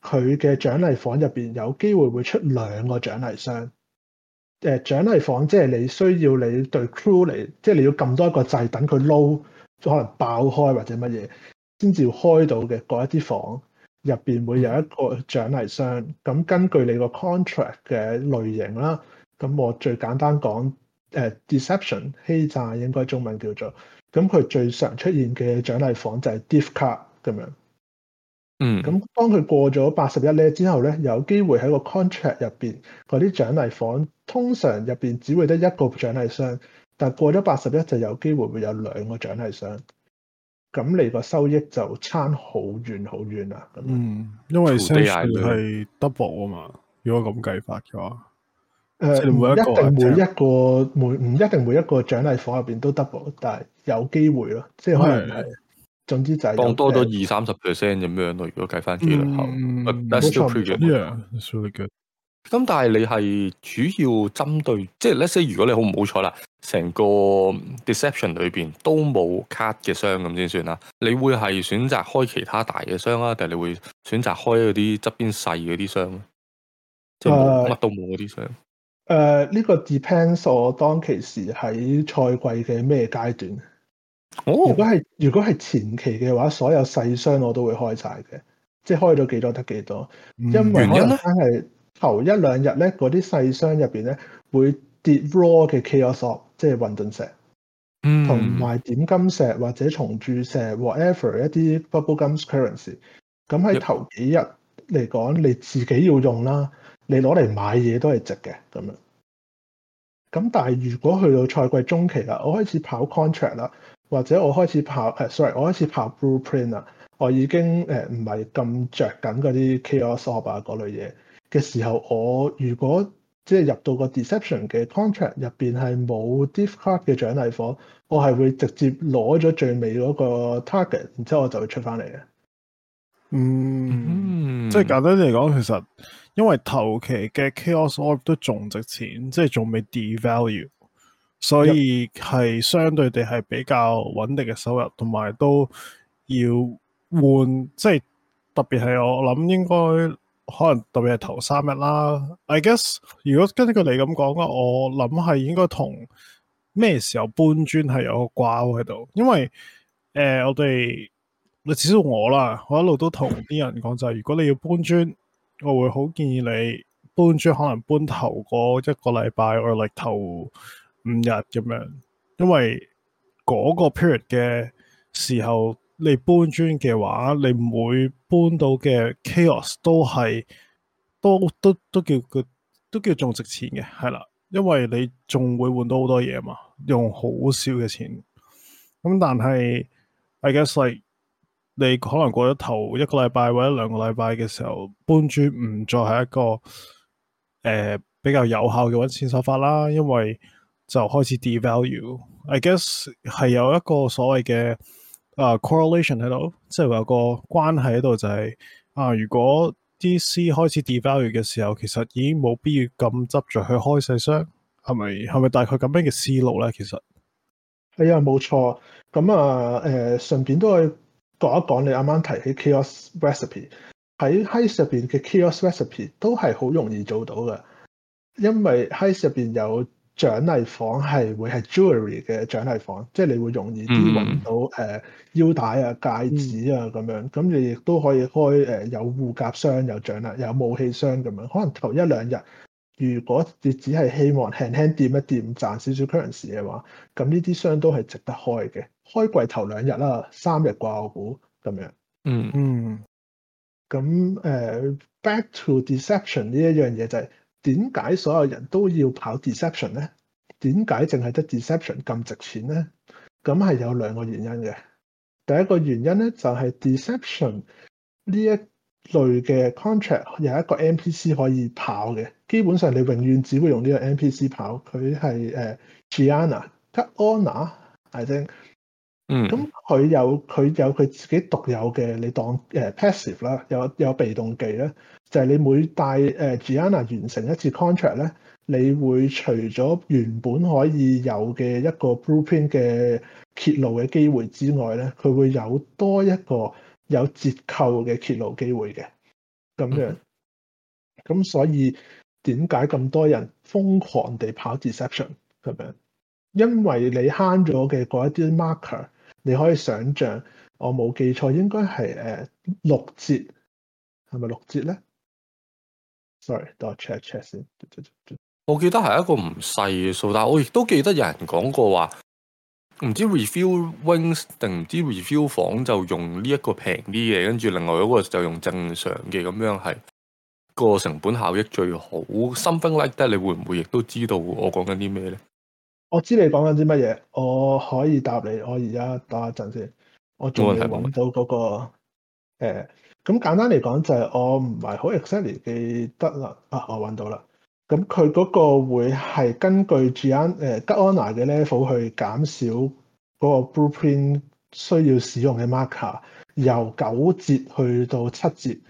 佢嘅獎勵房入邊有機會會出兩個獎勵箱。誒、呃，獎勵房即係、就是、你需要你對 crew 嚟，即、就、係、是、你要撳多一個掣等佢撈，low, 可能爆開或者乜嘢，先至開到嘅嗰一啲房。入邊會有一個獎勵箱，咁根據你個 contract 嘅類型啦，咁我最簡單講，誒、呃、deception 欺詐應該中文叫做，咁佢最常出現嘅獎勵房就係 div card 咁樣，嗯，咁當佢過咗八十一咧之後咧，有機會喺個 contract 入邊嗰啲獎勵房，通常入邊只會得一個獎勵箱，但過咗八十一就有機會會有兩個獎勵箱。咁你個收益就差好遠好遠啦。嗯，因為 share 係 double 啊嘛，如果咁計法嘅話，誒，唔一定每一個每唔一定每一個獎勵房入邊都 double，但係有機會咯，即係可能係。總之就係當多咗二三十 percent 咁樣咯。如果計翻機率後，That's still pretty good. 咁、嗯、但係你係主要針對，即係，let say 如果你好唔好彩啦，成個 deception 裏邊都冇卡嘅箱咁先算啦。你會係選擇開其他大嘅箱啊，定係你會選擇開嗰啲側邊細嗰啲箱？咧？即係乜都冇嗰啲箱？誒、呃、呢、這個 depends 我當其時喺賽季嘅咩階段。哦如。如果係如果係前期嘅話，所有細箱我都會開晒嘅，即係開咗幾多得幾多，因為原因咧係。頭一兩日咧，嗰啲細箱入邊咧會跌 raw 嘅 chaos orb 即係混沌石，同埋、嗯、點金石或者重鑄石，whatever 一啲 bubble gums currency。咁喺頭幾日嚟講，你自己要用啦，你攞嚟買嘢都係值嘅咁樣。咁但係如果去到賽季中期啦，我開始跑 contract 啦，或者我開始跑誒，sorry，我開始跑 blueprint 啦，我已經誒唔係咁着緊嗰啲 chaos orb 啊嗰類嘢。嘅時候，我如果即係入到個 deception 嘅 contract 入邊係冇 div card 嘅獎勵房，我係會直接攞咗最尾嗰個 target，然之後我就會出翻嚟嘅。嗯，嗯，即係簡單嚟講，其實因為頭期嘅 chaos orb 都仲值錢，即係仲未 devalue，所以係相對地係比較穩定嘅收入，同埋都要換，即係特別係我諗應該。可能特別係頭三日啦，I guess 如果根據你咁講啊，我諗係應該同咩時候搬磚係有個掛喺度，因為誒、呃、我哋你至少我啦，我一路都同啲人講就係、是、如果你要搬磚，我會好建議你搬磚可能搬頭嗰一個禮拜或者頭五日咁樣，因為嗰個 period 嘅時候。你搬磚嘅話，你每搬到嘅 chaos 都係都都都叫佢，都叫仲值錢嘅，係啦，因為你仲會換到好多嘢嘛，用好少嘅錢。咁、嗯、但係，I guess like, 你可能過咗頭一個禮拜或者兩個禮拜嘅時候，搬磚唔再係一個誒、呃、比較有效嘅搵錢手法啦，因為就開始 devalue。I guess 係有一個所謂嘅。啊、uh，correlation 喺度，即係話個關係喺度就係、是、啊，如果啲 C 開始 devalue 嘅時候，其實已經冇必要咁執着去開細箱，係咪係咪大概咁樣嘅思路咧？其實係、哎嗯、啊，冇錯。咁啊，誒，順便都係講一講你啱啱提起 chaos recipe 喺 Heist 入邊嘅 chaos recipe 都係好容易做到嘅，因為 Heist 入邊有。獎勵房係會係 jewelry 嘅獎勵房，即係你會容易啲揾到誒、嗯呃、腰帶啊、戒指啊咁樣。咁你亦都可以開誒、呃、有護甲箱、有獎勵、有武器箱咁樣。可能頭一兩日，如果你只係希望輕輕掂一掂，賺少少 currency 嘅話，咁呢啲箱都係值得開嘅。開季頭兩日啦，三日啩，我估咁樣。嗯嗯。咁、嗯、誒、呃、back to deception 呢一樣嘢就係、是。點解所有人都要跑 deception 咧？點解淨係得 deception 咁值錢咧？咁係有兩個原因嘅。第一個原因咧就係、是、deception 呢一類嘅 contract 有一個 NPC 可以跑嘅。基本上你永遠只會用呢個 NPC 跑。佢係誒 Gianna 吉安娜，係啫。嗯。咁佢有佢有佢自己獨有嘅，你當誒 passive 啦，有有被動技咧。就係你每帶誒 Gianna 完成一次 contract 咧，你會除咗原本可以有嘅一個 blueprint 嘅揭露嘅機會之外咧，佢會有多一個有折扣嘅揭露機會嘅。咁樣，咁所以點解咁多人瘋狂地跑 Deception 咁樣？因為你慳咗嘅嗰一啲 marker，你可以想象，我冇記錯應該係誒六折，係咪六折咧？sorry，多 check check 先。我記得係一個唔細嘅數，但係我亦都記得有人講過話，唔知 reveal wings 定唔知 reveal 房就用呢一個平啲嘅，跟住另外一個就用正常嘅，咁樣係個成本效益最好。something like that，你會唔會亦都知道我講緊啲咩咧？我知你講緊啲乜嘢，我可以答你。我而家打一陣先，我仲要揾到嗰個誒。咁簡單嚟講就係我唔係好 exactly 記得啦，啊我揾到啦。咁佢嗰個會係根據 Gianna 嘅 level 去減少嗰個 blueprint 需要使用嘅 marker，由九折去到七折。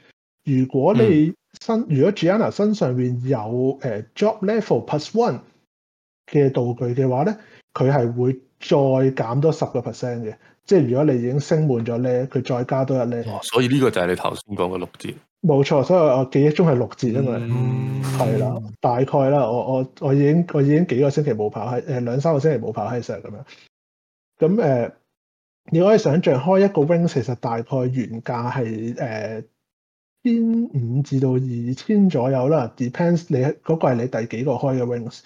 如果你身、嗯、如果 Gianna 身上面有誒 job level plus one 嘅道具嘅話咧，佢係會再減多十個 percent 嘅。即係如果你已經升滿咗咧，佢再加多一咧，哦。所以呢個就係你頭先講嘅六折。冇錯，所以我記憶中係六折，因為係啦，大概啦，我我我已經我已經幾個星期冇跑喺誒兩三個星期冇跑喺石咁樣。咁誒、呃，你可以想像開一個 wings 其實大概原價係誒千五至到二千左右啦。Depends 你嗰，那個係你第幾個開嘅 wings。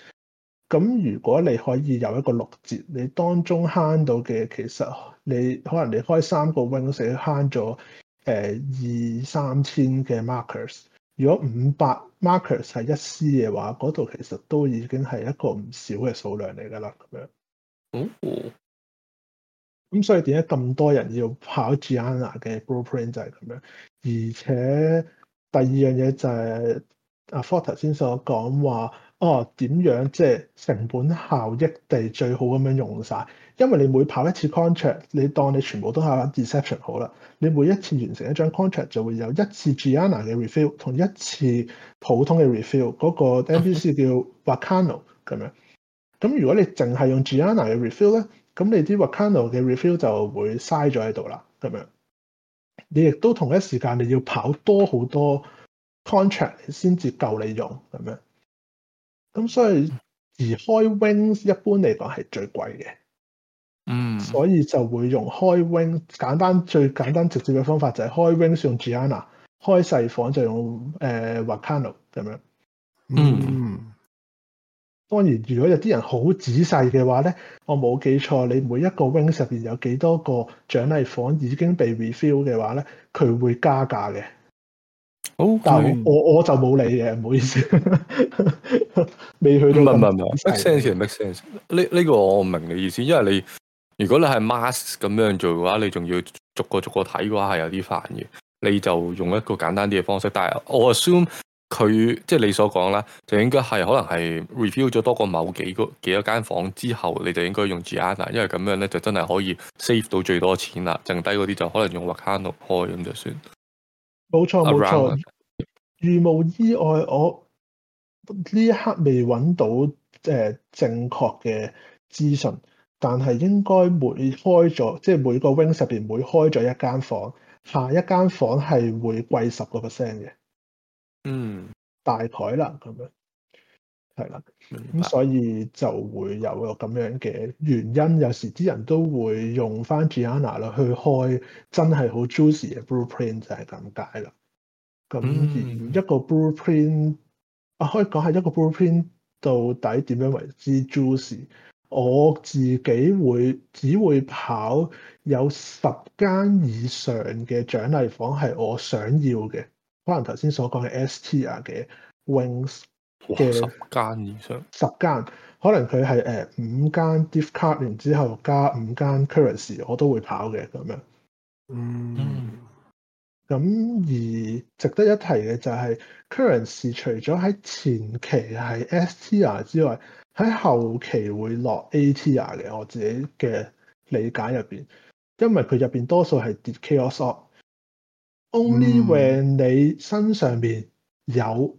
咁如果你可以有一個六折，你當中慳到嘅其實你可能你開三個 win 都成慳咗誒二、呃、三千嘅 markers。如果五百 markers 係一 c 嘅話，嗰度其實都已經係一個唔少嘅數量嚟㗎啦。咁樣，咁、mm hmm. 所以點解咁多人要跑 g i a n a 嘅 blueprint 就係咁樣？而且第二樣嘢就係、是、阿、啊、f o s t e 先所講話。哦，點樣即係成本效益地最好咁樣用晒，因為你每跑一次 contract，你當你全部都係玩 deception 好啦。你每一次完成一張 contract 就會有一次 Giana 嘅 refill 同一次普通嘅 refill，嗰個 NPC 叫 Vacano 咁樣。咁如果你淨係用 Giana 嘅 refill 咧，咁你啲 Vacano 嘅 refill 就會嘥咗喺度啦。咁樣你亦都同一時間你要跑多好多 contract 先至夠你用咁樣。咁所以而開 wings 一般嚟講係最貴嘅，嗯，所以就會用開 wings 簡單，最簡單直接嘅方法就係開 wings 用 Gianna，開細房就用誒、呃、Volcano 咁樣，嗯。嗯，當然如果有啲人好仔細嘅話咧，我冇記錯你每一個 wings 入邊有幾多個獎勵房已經被 refill 嘅話咧，佢會加價嘅。好，Okay 但我我就冇理嘅，唔好意思 *laughs* ，未去到。唔係唔 m a k e sense make sense？呢呢個我唔明你意思，因為你如果你係 mask 咁樣做嘅話，你仲要逐個逐個睇嘅話係有啲煩嘅。你就用一個簡單啲嘅方式。但係我 assume 佢即係你所講啦，就應該係可能係 review 咗多過某幾個幾多間房之後，你就應該用 GIA 因為咁樣咧就真係可以 save 到最多錢啦。剩低嗰啲就可能用 walk-in 開咁就算。冇錯冇錯，如無 Around. 意外，我呢一刻未揾到誒、呃、正確嘅資訊，但係應該每開咗，即係每個 wing 入邊每開咗一間房，下一間房係會貴十個 percent 嘅，嗯，mm. 大概啦咁樣。係啦，咁白所以就會有個咁樣嘅原因。有時啲人都會用翻 Gianna 咯，去開真係好 juicy 嘅 blueprint 就係咁解啦。咁而一個 blueprint，我、嗯啊、可以講係一個 blueprint 到底點樣為之 juicy？我自己會只會跑有十間以上嘅獎勵房係我想要嘅，可能頭先所講嘅 ST 啊嘅 Wings。嘅十間以上，十間可能佢係誒五間 Div Card，然之後加五間 Currency，我都會跑嘅咁樣。嗯，咁而值得一提嘅就係 Currency，除咗喺前期係 S tier 之外，喺後期會落 A tier 嘅。我自己嘅理解入邊，因為佢入邊多數係跌 Chaos Orb，only when 你身上邊有。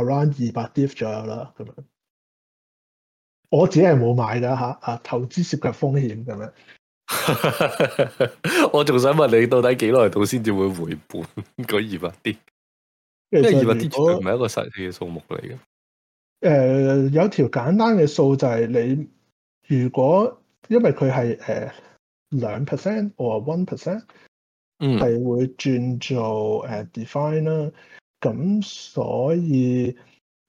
around 二百 div 左右啦，咁樣，我自己係冇買噶嚇，啊，投資涉及風險咁樣。是是 *laughs* 我仲想問你，到底幾耐到先至會回本個二百 div？即係二百 div 絕對唔係一個實際嘅數目嚟嘅。誒、呃，有條簡單嘅數就係你，如果因為佢係誒兩 percent or one percent，嗯，係會轉做誒、uh, divine 啦、啊。咁所以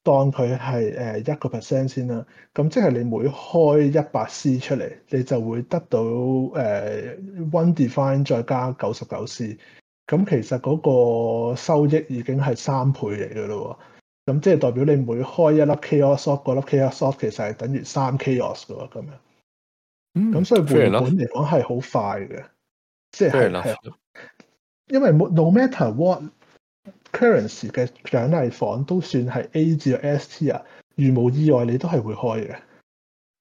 當佢係誒一個 percent 先啦，咁即係你每開一百 c 出嚟，你就會得到誒、uh, one divine 再加九十九 c。咁其實嗰個收益已經係三倍嚟㗎咯。咁即係代表你每開一粒 chaos orb 嗰粒 chaos orb 其實係等於三 chaos 㗎喎、嗯。咁樣，咁所以回本嚟講係好快嘅，即係係因為 no matter what。Currency 嘅獎勵房都算係 A 至 ST 啊，如無意外你都係會開嘅。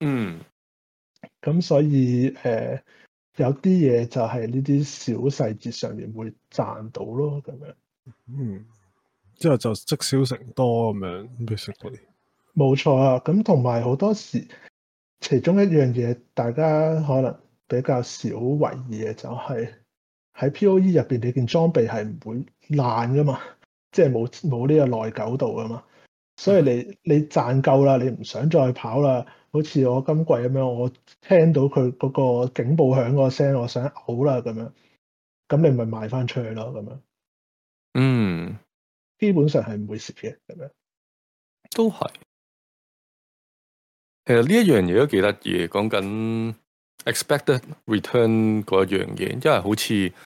嗯，咁所以誒、呃，有啲嘢就係呢啲小細節上面會賺到咯，咁樣。嗯，之後就積少成多咁樣 basically 冇錯啊，咁同埋好多時，其中一樣嘢大家可能比較少為意嘅就係、是、喺 POE 入邊，你件裝備係唔會爛㗎嘛。即係冇冇呢個耐久度噶嘛，所以你你賺夠啦，你唔想再跑啦，好似我今季咁樣，我聽到佢嗰個警報響個聲，我想嘔啦咁樣，咁你咪賣翻出去咯咁樣。嗯，基本上係唔會蝕嘅咁樣，都係。其實呢一樣嘢都幾得意，講緊 expected return 嗰一樣嘢，因為好似。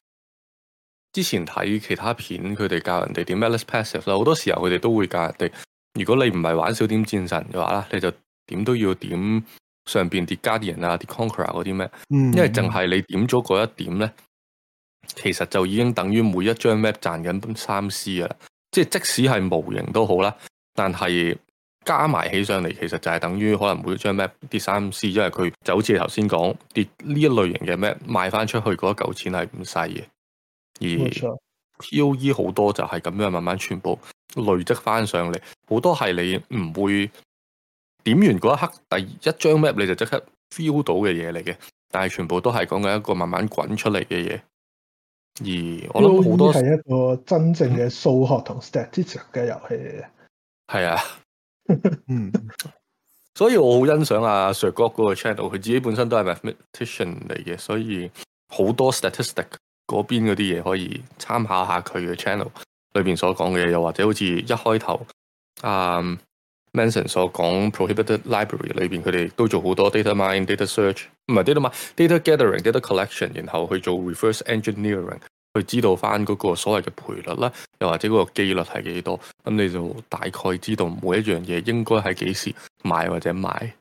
之前睇其他片，佢哋教人哋點。less passive 啦，好多時候佢哋都會教人哋。如果你唔係玩少點戰神嘅話啦，你就點都要點上邊啲 guardian 啊、啲 conqueror 嗰啲咩，因為淨係你點咗嗰一點咧，其實就已經等於每一張 map 賺緊三 C 噶啦。即係即使係模型都好啦，但係加埋起上嚟，其實就係等於可能每一張 map 跌三 C，因為佢就好似頭先講跌呢一類型嘅 map 賣翻出去嗰一嚿錢係唔細嘅。而 PoE 好多就係咁樣慢慢全部累積翻上嚟，好多係你唔會點完嗰一刻第一張 map 你就即刻 feel 到嘅嘢，嚟嘅，但係全部都係講緊一個慢慢滾出嚟嘅嘢。而我諗好多係、e、一個真正嘅數學同 statistic 嘅遊戲嚟嘅。係 *laughs* 啊，嗯，所以我好欣賞阿、啊、Sir 哥嗰個 channel，佢自己本身都係 mathematician 嚟嘅，所以好多 statistic。嗰邊嗰啲嘢可以參考下佢嘅 channel 裏邊所講嘅嘢，又或者好似一開頭啊、um, Manson 所講 Prohibited Library 裏邊，佢哋都做好多 data mine data search 唔係 data mine data gathering data collection，然後去做 reverse engineering 去知道翻嗰個所謂嘅賠率啦，又或者嗰個機率係幾多，咁你就大概知道每一樣嘢應該係幾時買或者賣。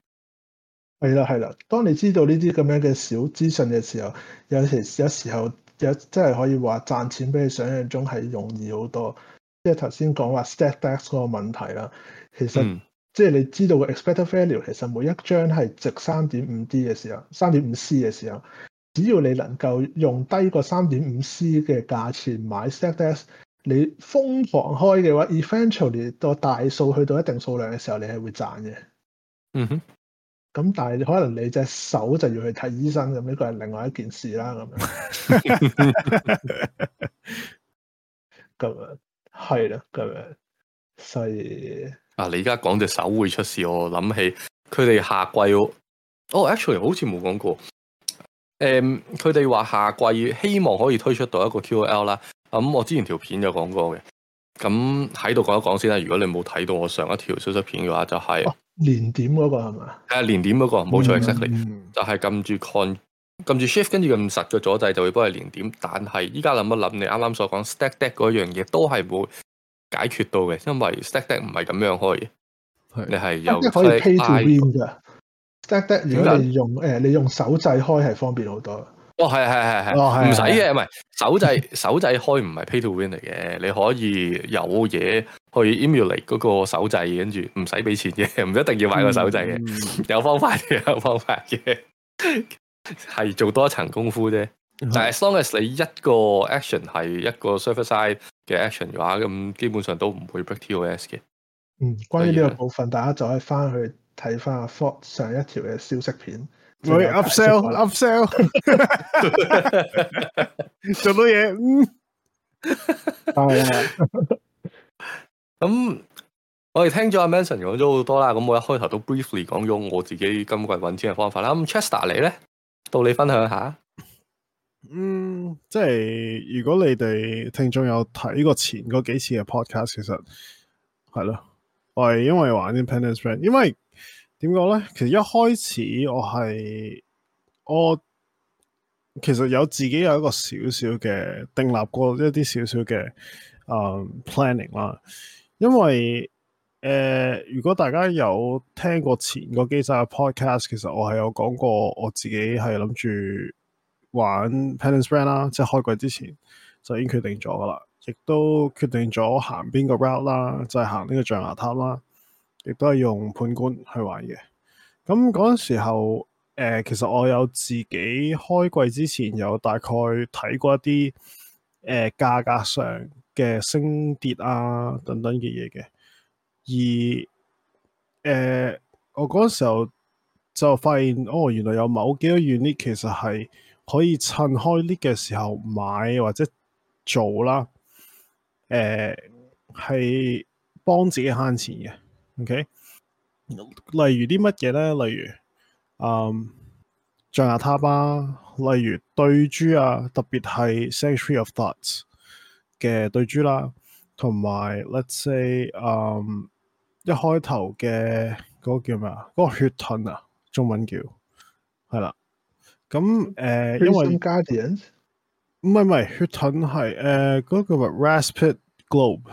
係啦係啦，當你知道呢啲咁樣嘅小資訊嘅時候，有時有時候。即真係可以話賺錢比你想象中係容易好多，即係頭先講話 stacked decks 嗰個問題啦。其實、嗯、即係你知道個 expected value r 其實每一張係值三點五 D 嘅時候，三點五 C 嘅時候，只要你能夠用低過三點五 C 嘅價錢買 stacked decks，你瘋狂開嘅話，eventually 到大數去到一定數量嘅時候，你係會賺嘅。嗯哼。咁但係可能你隻手就要去睇醫生咁呢、這個係另外一件事啦咁樣，咁 *laughs* *laughs* 樣係啦，咁樣所以啊，你而家講隻手會出事，我諗起佢哋下季哦、oh,，actually 好似冇講過，誒、嗯，佢哋話下季希望可以推出到一個 QL 啦、嗯，咁我之前條片有講過嘅。咁喺度講一講先啦，如果你冇睇到我上一條衰衰片嘅話，就係連點嗰個係嘛？係啊、嗯，連點嗰、那個冇錯，exactly、嗯嗯、就係撳住 con，撳住 shift 跟住撳實嘅左掣就會幫你連點。但係依家諗一諗，你啱啱所講 stack deck 嗰樣嘢都係會解決到嘅，因為 stack deck 唔係咁樣開，是你係有即係可以 pay to win 㗎。stack deck 如果你用誒，樣 uh, 你用手掣開係方便好多。哦，係係係係，唔使嘅，唔係的手掣 *laughs* 手掣開唔係 pay to win 嚟嘅，你可以有嘢去 emulate 嗰個手掣，跟住唔使俾錢嘅，唔 *laughs* 一定要買個手掣嘅、嗯，有方法嘅，有方法嘅，係做多一層功夫啫。嗯、但係，as long as 你一個 action 係一個 surface side 嘅 action 嘅話，咁基本上都唔會 break TOS 嘅。嗯，關於呢個部分， *laughs* 大家就可以翻去睇翻阿 Fort 上一條嘅消息片。喂，Upsell，Upsell，做乜嘢？咁我哋聽咗阿 Manson 講咗好多啦，咁我一開頭都 briefly 講咗我自己今季揾錢嘅方法啦。咁 Chester 你咧，到你分享下。嗯，即係如果你哋聽眾有睇過前嗰幾次嘅 podcast，其實係咯，我係，因為玩啲 Penance Brand 因為。點講咧？其實一開始我係我其實有自己有一個少少嘅訂立過一啲少少嘅啊 planning 啦，因為誒、呃、如果大家有聽過前個機仔嘅 podcast，其實我係有講過我自己係諗住玩 Penance Brand 啦，即係開季之前就已經決定咗噶啦，亦都決定咗行邊個 route 啦，就係行呢個象牙塔啦。亦都係用判官去玩嘅。咁嗰陣時候，誒、呃，其實我有自己開季之前有大概睇過一啲誒、呃、價格上嘅升跌啊，等等嘅嘢嘅。而誒、呃，我嗰陣時候就發現哦，原來有某幾多 unit 其實係可以趁開 lift 嘅時候買或者做啦。誒、呃，係幫自己慳錢嘅。OK，例如啲乜嘢咧？例如，嗯，象牙塔巴、啊，例如對豬啊，特別係、啊《Let、Sanctuary of Thoughts》嘅對豬啦，同埋 Let's say，嗯，一開頭嘅嗰個叫咩啊？嗰、那個血盾啊，中文叫係啦。咁誒、呃，因為唔係唔係血盾係誒嗰個叫 Rapid Globe。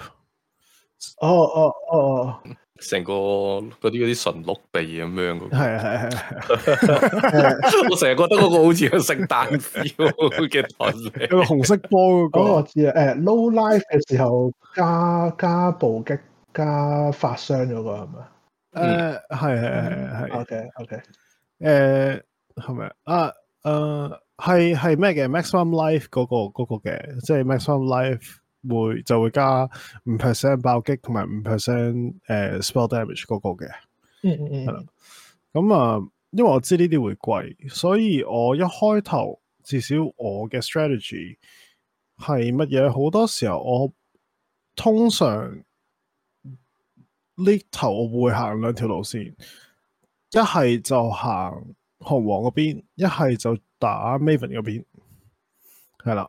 哦哦哦。哦哦嗯。成個嗰啲嗰啲純綠地咁樣嘅，係啊係啊，我成日覺得嗰個好似個聖誕樹嘅，有個紅色波嗰個， *laughs* 個字啊，誒，low life 嘅時候加加暴擊加發傷咗、嗰個係嘛？誒，係係係係。OK OK、uh。誒，係咪啊？誒、嗰個，係係咩嘅？Maximum Life 嗰個嗰個嘅，即係 Maximum Life。會就會加五 percent 暴擊同埋五 percent 誒 spell damage 嗰個嘅 *laughs* 嗯嗯嗯，係啦。咁啊，因為我知呢啲會貴，所以我一開頭至少我嘅 strategy 係乜嘢？好多時候我通常呢頭我會行兩條路線，一係就行紅黃嗰邊，一係就打 Maven 嗰邊，係啦。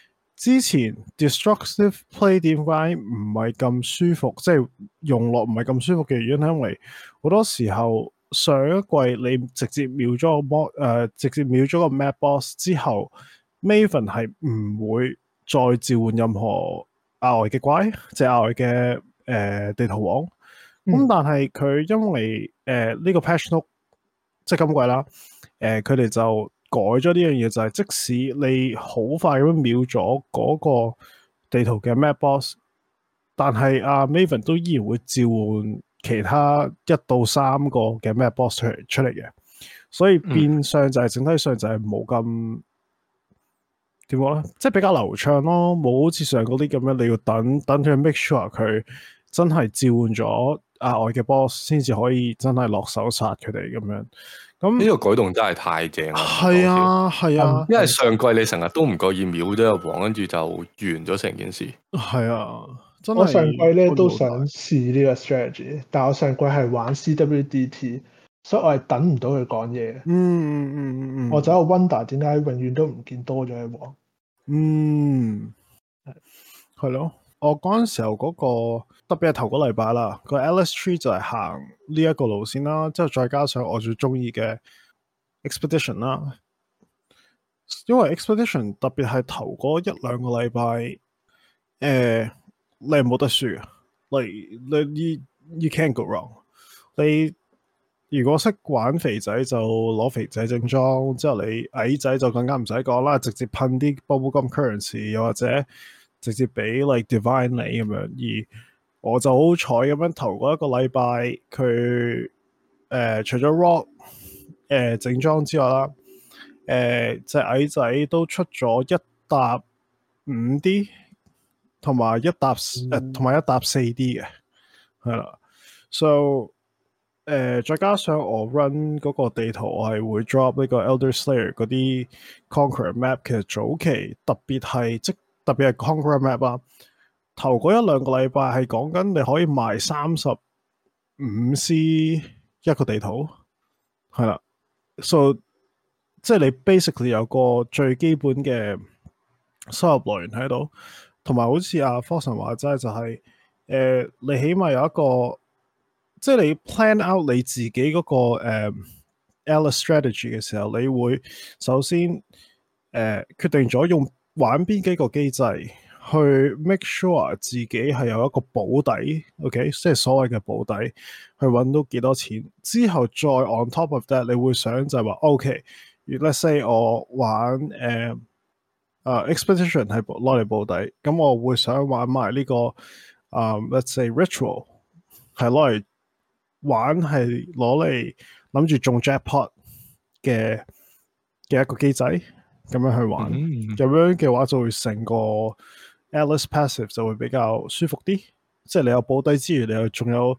之前 destructive play 點解唔係咁舒服？即、就、係、是、用落唔係咁舒服嘅原因，係因為好多時候上一季你直接秒咗個魔誒、呃，直接秒咗個 map boss 之後，Maven 係唔會再召喚任何額外嘅怪，即係額外嘅誒、呃、地圖王。咁、嗯、但係佢因為誒呢、呃這個 patch note，即係今季啦，誒佢哋就。改咗呢樣嘢就係、是，即使你好快咁秒咗嗰個地圖嘅 Map Boss，但係阿 Maven 都依然會召喚其他一到三個嘅 Map Boss 出嚟嘅，所以變相就係、是嗯、整體上就係冇咁點講咧，即係、就是、比較流暢咯，冇好似上嗰啲咁樣，你要等等佢 make sure 佢真係召喚咗額外嘅 boss 先至可以真係落手殺佢哋咁樣。呢、嗯、個舉動真係太正啦！係啊，係 *laughs* 啊，啊因為上季你成日都唔覺意秒咗一王，跟住就完咗成件事。係啊，真係。我上季咧都想試呢個 strategy，但係我上季係玩 CWDT，所以我係等唔到佢講嘢。嗯嗯嗯嗯嗯，我走個 Wonder，點解永遠都唔見多咗一王？嗯，係咯，我嗰陣時候嗰、那個。特別係頭個禮拜啦，個 LS Tree 就係行呢一個路線啦。之後再加上我最中意嘅 Expedition 啦，因為 Expedition 特別係頭嗰一兩個禮拜，誒、呃、你係冇得輸，你你你 can't go wrong。你如果識玩肥仔就攞肥仔正裝，之後你矮仔就更加唔使講啦，直接噴啲 Bubble gum currency 又或者直接俾 like divine 你咁樣而。我就好彩咁樣頭嗰一個禮拜，佢誒、呃、除咗 rock 誒、呃、整裝之外啦，誒隻矮仔都出咗一疊五 D，同埋一疊誒同埋一疊四 D 嘅，係啦。So 誒、呃、再加上我 run 嗰個地圖，我係會 drop 呢個 elder slayer 嗰啲 conqueror map 其實早期，特別係即特別係 conqueror map 啊。頭嗰一兩個禮拜係講緊，你可以賣三十五 C 一個地圖，係啦，So，即係你 basically 有個最基本嘅收入來源喺度，同埋好似阿方晨話齋就係、是，誒、呃、你起碼有一個，即係你 plan out 你自己嗰、那個誒、呃、l strategy 嘅時候，你會首先誒、呃、決定咗用玩邊幾個機制。去 make sure 自己係有一個保底，OK，即係所謂嘅保底，去揾到幾多錢之後，再 on top of that，你會想就係話，OK，Let’s、okay, say 我玩誒誒、uh, uh, Expedition 係攞嚟保底，咁我會想玩埋、這、呢個誒、um, Let’s say ritual 係攞嚟玩，係攞嚟諗住中 jackpot 嘅嘅一個機制，咁樣去玩，咁、mm hmm. 樣嘅話就會成個。Alice passive 就會比較舒服啲，即係你有保底之餘，你又仲有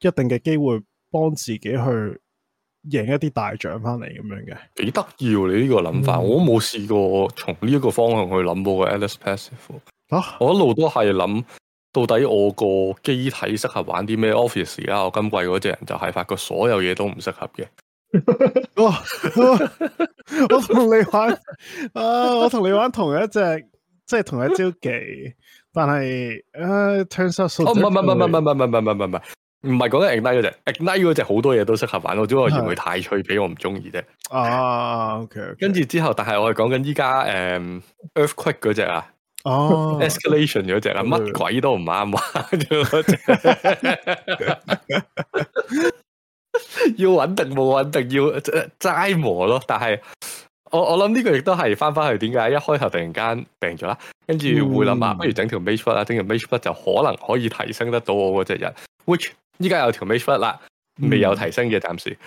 一定嘅機會幫自己去贏一啲大獎翻嚟咁樣嘅。幾得意啊！你、這、呢個諗法，嗯、我都冇試過從呢一個方向去諗過 Alice passive。吓、啊，我一路都係諗到底我個機體適合玩啲咩 Office 啦。我今季嗰隻人就係發覺所有嘢都唔適合嘅。 *laughs* *laughs* *laughs* 我我同你玩啊！我同你玩同一隻。即係 *laughs* 同一招技，呃 so 哦、但係誒，turns up 唔係唔係唔係唔係唔係唔係唔係唔係唔係唔係唔係，唔係講緊 Ignite 嗰隻，Ignite 嗰隻好多嘢都適合玩，我只係認為太脆皮，我唔中意啫。啊，OK, okay。跟住之後，但係我係講緊依家誒、嗯、Earthquake 嗰隻啊，啊 Escalation 嗰隻啊，乜、okay, 鬼都唔啱玩。要穩定冇穩定，要齋磨咯，但係。但我我諗呢個亦都係翻翻去，點解一開頭突然間病咗啦？跟住會諗啊，mm hmm. 不如整條 Mageblood，整條 Mageblood 就可能可以提升得到我嗰隻人。which 依家有條 Mageblood 啦，未有提升嘅暫時。Mm hmm.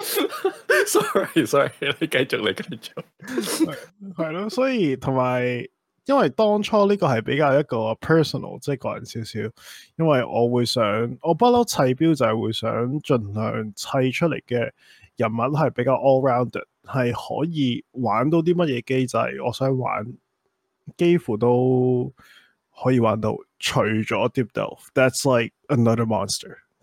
sorry，sorry， *laughs* sorry, 你繼續，你繼續，係 *laughs* 咯，所以同埋，因為當初呢個係比較一個 personal，即係個人少少，因為我會想，我不嬲砌標就係會想盡量砌出嚟嘅人物係比較 all round，係可以玩到啲乜嘢機制，我想玩幾乎都可以玩到，除咗 Deep Delve, that's like another monster。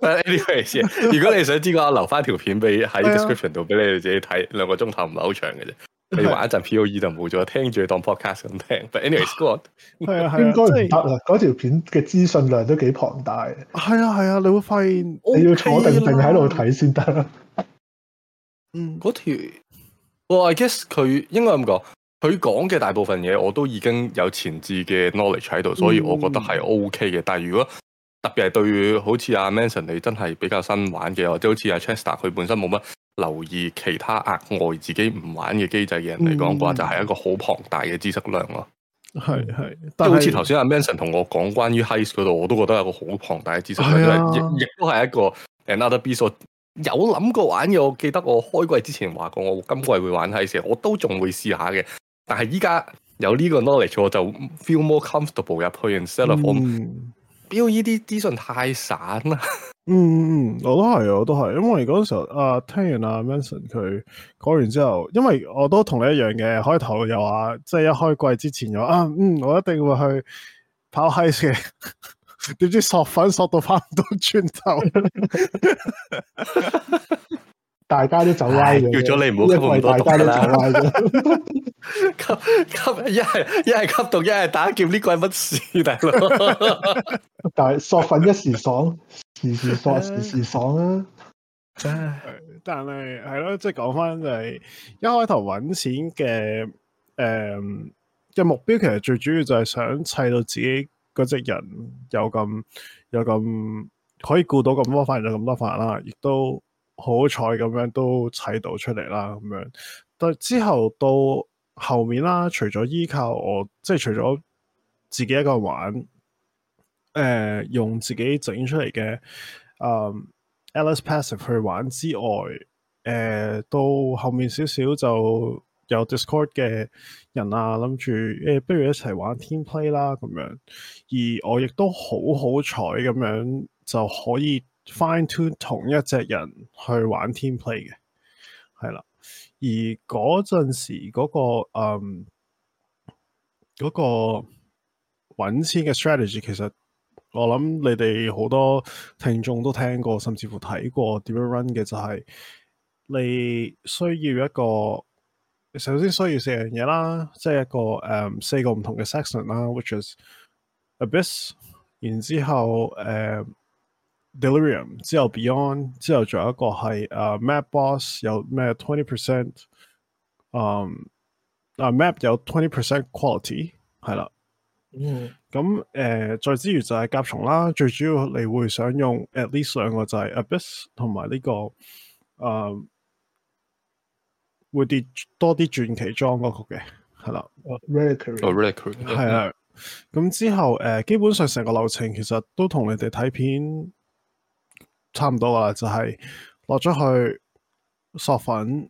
But anyway， *laughs* 如果你想知嘅，我留翻條片俾喺 description 度俾你哋自己睇，兩、啊、個鐘頭唔係好長嘅啫。啊、你玩一陣 POE 就冇咗，聽住你當 podcast 咁聽。啊、but anyway，God，係啊係 *laughs* 應該唔得啦。嗰條、啊、片嘅資訊量都幾龐大。係啊係啊，你會發現你要坐定定喺度睇先得。 *laughs* 嗯，嗰條，我 I guess 佢應該咁講，佢講嘅大部分嘢我都已經有前置嘅 knowledge 喺度，所以我覺得係 OK 嘅。但係如果特別係對好似阿 Manson 你真係比較新玩嘅，或者好似阿 Chester 佢本身冇乜留意其他額外自己唔玩嘅機制、嘅人嚟講嘅話，嗯、就係一個好龐大嘅知識量咯。係係，即係好似頭先阿 Manson 同我講關於 Heist 嗰度，我都覺得係一個好龐大嘅知識量，啊、亦亦都係一個 Another Beast 有諗過玩嘅。我記得我開季之前話過，我今季會玩 Heist，我都仲會試下嘅。但係依家有呢個 knowledge，我就 feel more comfortable 入去 install form。表呢啲資訊太散啦。嗯嗯嗯，我都係啊，我都係，因為嗰時候啊，聽完阿、啊、Manson 佢講完之後，因為我都同你一樣嘅，開頭又話即係一開季之前又啊，嗯，我一定會去跑 heist 嘅。點 *laughs* 知索粉索，索到翻唔到轉頭。 *laughs* *laughs* *laughs* 大家都走歪嘅，叫咗你唔好吸咁多毒啦 *laughs* 。吸吸一係一係吸毒一係打劫呢、這個係乜事啫？大佬 *laughs* 但係索粉一時爽，時時索，時時爽啊！真係 *laughs* *laughs* 但係係咯，即係講翻就係、是、一開頭搵錢嘅誒嘅目標，其實最主要就係想砌到自己嗰隻人有咁有咁可以顧到咁多飯就咁多法啦，亦都。好彩咁樣都睇到出嚟啦，咁樣，但之後到後面啦，除咗依靠我，即係除咗自己一個玩，誒、呃，用自己整出嚟嘅，嗯，Alice passive 去玩之外，誒、呃，到後面少少就有 Discord 嘅人啊，諗住誒，不如一齊玩 Team Play 啦，咁樣，而我亦都好好彩咁樣就可以，fine tune 同一隻人去玩 team play 嘅，係啦。而嗰陣時嗰、嗰個嗯、嗰個揾錢嘅 strategy，其實我諗你哋好多聽眾都聽過，甚至乎睇過點樣 run 嘅，就係、是、你需要一個首先需要四樣嘢啦，即、就、係、是、一個誒、嗯、四個唔同嘅 section 啦 which is abyss，然之後誒。嗯 Delirium 之後，Beyond 之後，仲有一個係誒 Map Boss，有咩 Twenty Percent，誒 Map 有 Twenty Percent Quality 係啦。嗯，咁誒再之餘就係甲蟲啦。最主要你會想用 At Least 兩個就係 Abyss 同埋呢個誒，會跌多啲傳奇裝嗰個嘅係啦。哦，Rare，哦 Rare，係啊。咁之後誒，基本上成個流程其實都同你哋睇片。差唔多啦，就係落咗去索粉，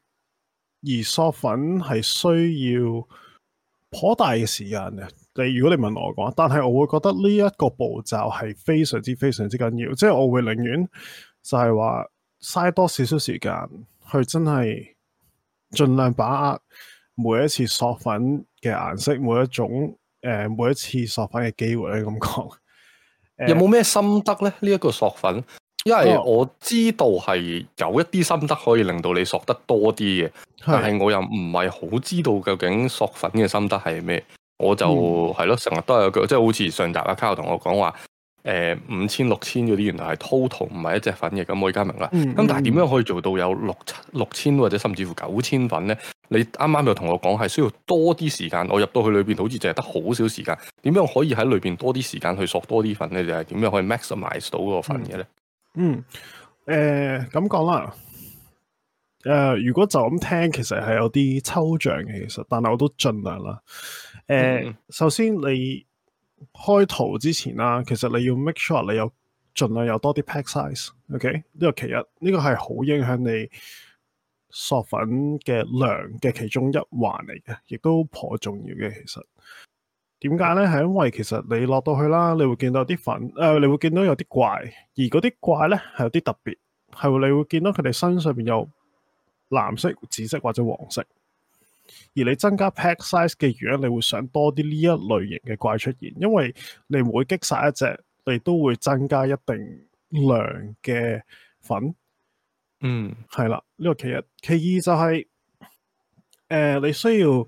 而索粉係需要頗大嘅時間嘅。你如果你問我講，但係我會覺得呢一個步驟係非常之非常之緊要，即係我會寧願就係話嘥多少少時間去真係盡量把握每一次索粉嘅顏色，每一種誒、呃，每一次索粉嘅機會咧，咁講。呃、有冇咩心得咧？呢一個索粉。因為我知道係有一啲心得可以令到你索得多啲嘅，但係我又唔係好知道究竟索粉嘅心得係咩，我就係咯成日都係，即係好似上集阿卡同我講話，誒五千六千嗰啲原來係 total 唔係一隻粉嘅，咁我而家明啦。咁、嗯嗯、但係點樣可以做到有六七六千或者甚至乎九千粉咧？你啱啱又同我講係需要多啲時間，我入到去裏邊好似淨係得好少時間，點樣可以喺裏邊多啲時間去索多啲粉咧？就係、是、點樣可以 maximize 到嗰個粉嘅咧？嗯嗯，誒咁講啦，誒、呃、如果就咁聽，其實係有啲抽象嘅，其實，但係我都盡量啦。誒、呃嗯，首先你開圖之前啦、啊，其實你要 make sure 你有盡量有多啲 pack size，OK？、Okay？呢個其一，呢、呢個係好影響你索粉嘅量嘅其中一環嚟嘅，亦都頗重要嘅，其實。點解咧？係因為其實你落到去啦，你會見到啲粉，誒、呃，你會見到有啲怪，而嗰啲怪咧係有啲特別，係你會見到佢哋身上邊有藍色、紫色、或者黃色。而你增加 pack size 嘅原因，你會想多啲呢一類型嘅怪出現，因為你唔每擊殺一隻，你都會增加一定量嘅粉。嗯，係啦，呢、這個其一，其二就係、是，誒、呃，你需要。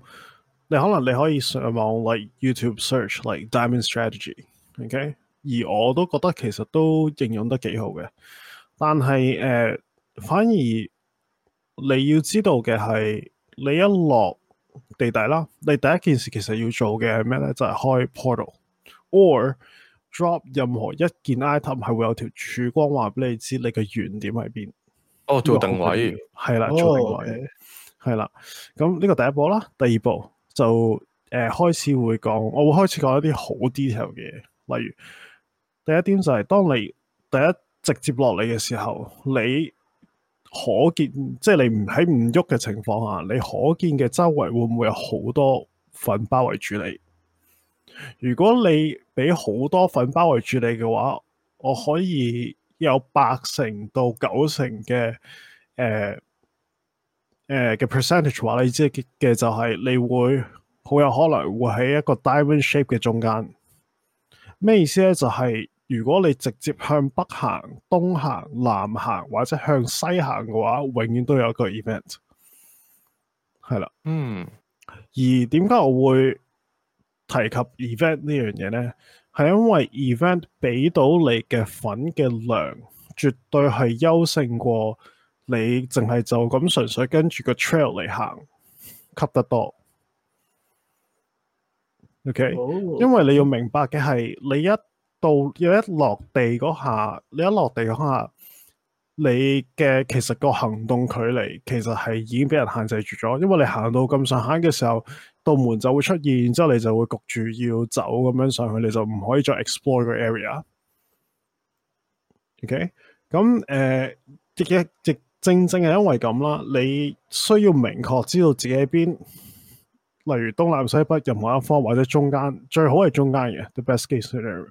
你可能你可以上網 like YouTube search like Diamond Strategy，OK？、Okay? 而我都覺得其實都應用得幾好嘅，但係誒、呃，反而你要知道嘅係你一落地底啦，你第一件事其實要做嘅係咩咧？就係、是、開 portal or drop 任何一件 item 係會有條曙光話俾你知你嘅原點喺邊。哦，做定位係啦，做定位係啦。咁呢、哦 okay. 個第一步啦，第二步。就誒，呃、開始會講，我會開始講一啲好 detail 嘅，例如第一點就係、是、當你第一直接落嚟嘅時候，你可見即係你唔喺唔喐嘅情況下，你可見嘅周圍會唔會有好多粉包圍住你？如果你俾好多粉包圍住你嘅話，我可以有八成到九成嘅誒。呃誒嘅 percentage 話，你知嘅就係你會好有可能會喺一個 diamond shape 嘅中間。咩意思咧？就係如果你直接向北行、東行、南行或者向西行嘅話，永遠都有個 event。係啦，嗯。而點解我會提及 event 呢樣嘢咧？係因為 event 俾到你嘅粉嘅量，絕對係優勝過，你淨係就咁純粹跟住個 trail 嚟行，吸得多，OK？、Oh. 因為你要明白嘅係，你一到，有一,一落地嗰下，你一落地嗰下，你嘅其實個行動距離其實係已經俾人限制住咗，因為你行到咁上下嘅時候，道門就會出現，之後你就會焗住要走咁樣上去，你就唔可以再 explore 個 area。OK？咁、嗯、誒，直一直。正正係因為咁啦，你需要明確知道自己喺邊，例如東南西北任何一方或者中間，最好係中間嘅 the best case scenario。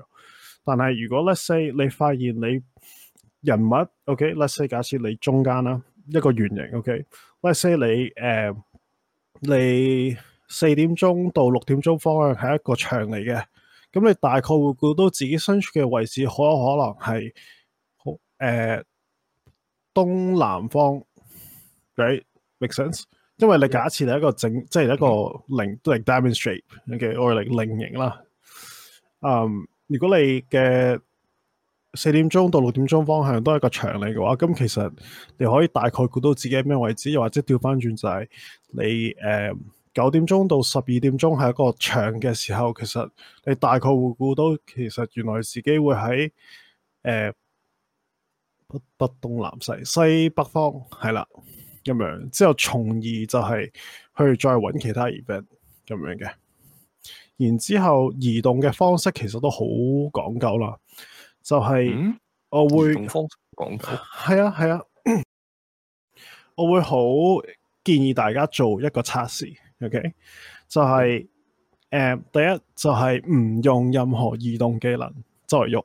但係如果 let's say 你發現你人物，OK，let's、okay? say 假設你中間啦，一個圓形，OK，let's、okay? say 你誒、呃，你四點鐘到六點鐘方向係一個牆嚟嘅，咁你大概會估到自己身處嘅位置，好有可能係好誒。呃東南方，right make sense。因為你假設你一個整，Yeah. 即係一個菱都係 diamond shape 嘅，或者菱形啦。嗯、um，如果你嘅四點鐘到六點鐘方向都係個長嚟嘅話，咁其實你可以大概估到自己喺咩位置。又或者調翻轉就係你誒九、uh, 點鐘到十二點鐘係一個長嘅時候，其實你大概會估到其實原來自己會喺誒。Uh, 北、北、東、南、西、西、北方，係啦，咁樣。之後從而就係去再揾其他 event 咁樣嘅，然之後移動嘅方式其實都好講究啦，就係、是、我會講係、嗯、啊係啊，啊， *coughs* 我會好建議大家做一個測試，OK？就係、是、誒、呃，第一就係、是、唔用任何移動技能作為用。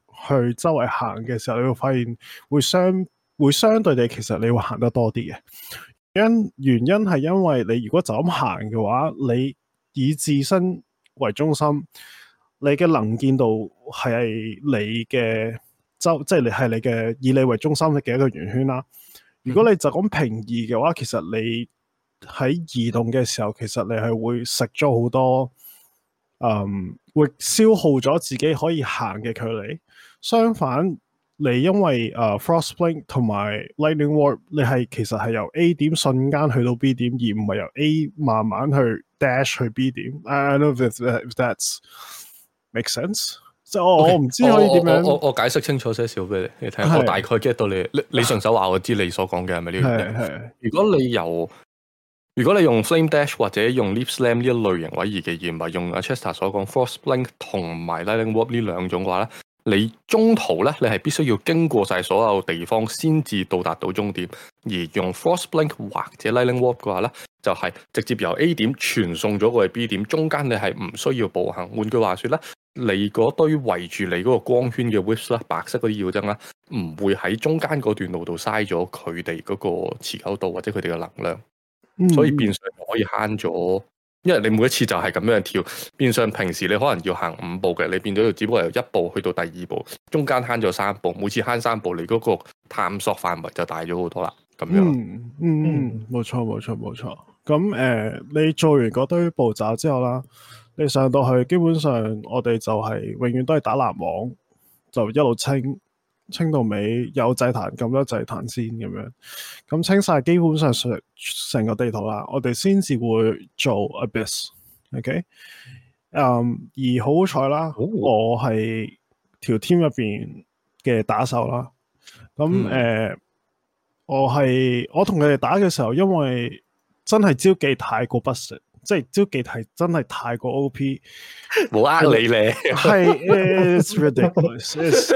去周圍行嘅時候，你會發現會相會相對地，其實你會行得多啲嘅。因原因係因為你如果就咁行嘅話，你以自身為中心，你嘅能見度係你嘅周，即係你係你嘅以你為中心嘅一個圓圈啦。如果你就咁平移嘅話，其實你喺移動嘅時候，其實你係會食咗好多，嗯，會消耗咗自己可以行嘅距離。相反，你因為啊，frost blink 同埋 lightning warp，你係其實係由 A 點瞬間去到 B 點，而唔係由 A 慢慢去 dash 去 B 點。I know if that's make sense？即我我唔知可以點樣，我我解釋清楚些少俾你，你聽。我大概 get 到你，你你順手話我知你所講嘅係咪呢樣嘢？係係。如果你由如果你用 flame dash 或者用 leap slam 呢一類型位移嘅，而唔係用啊 chester 所講 frost blink 同埋 lightning warp 呢兩種嘅話咧。你中途咧，你係必須要經過晒所有地方先至到達到終點，而用 Frostblink 或者 Lightning Warp 嘅話咧，就係、是、直接由 A 點傳送咗過去 B 點，中間你係唔需要步行。換句話講咧，你嗰堆圍住你嗰個光圈嘅 whips 啦，白色嗰啲要針啦、啊，唔會喺中間嗰段路度嘥咗佢哋嗰個持久度或者佢哋嘅能量，嗯、所以變相可以慳咗。因為你每一次就係咁樣跳，變相平時你可能要行五步嘅，你變咗只不過由一步去到第二步，中間慳咗三步，每次慳三步，你嗰個探索範圍就大咗好多啦。咁樣嗯，嗯，冇錯冇錯冇錯。咁誒、呃，你做完嗰堆步驟之後啦，你上到去，基本上我哋就係永遠都係打籃網，就一路清。清到尾有祭壇，咁多祭壇先咁樣，咁清晒基本上成成個地圖啦，我哋先至會做 Abyss，OK，嗯，而好彩啦，我係條 team 入邊嘅打手啦，咁誒，我係我同佢哋打嘅時候，因為真係招技太過不熟。即係招忌題真係太過 OP 冇呃你咧，係誒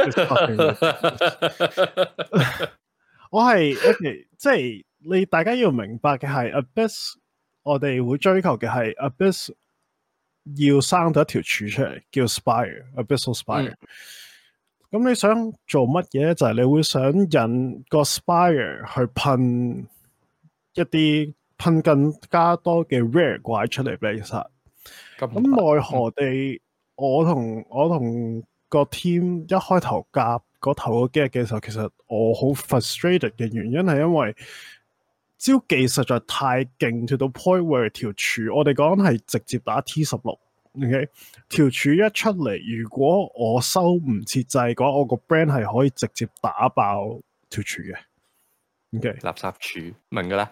*laughs* ，我係，ok，即係你大家要明白嘅係，abyss，我哋會追求嘅係，abyss 要生到一條柱出嚟，叫 Spire，Abyssal Spire。咁、嗯、你想做乜嘢？就係、是、你會想引個 Spire 去噴一啲。噴更加多嘅 Rare 怪出嚟俾你殺。咁奈何地，我同我同個 team 一開頭夾嗰頭嗰幾日嘅時候，其實我好 frustrated 嘅原因係因為招技實在太勁，跳到 Point where 條柱，我哋講緊係直接打 T 十六。O.K. 條柱一出嚟，如果我收唔設制嘅話，我個 brand 係可以直接打爆條柱嘅。O.K. 垃圾柱明噶啦。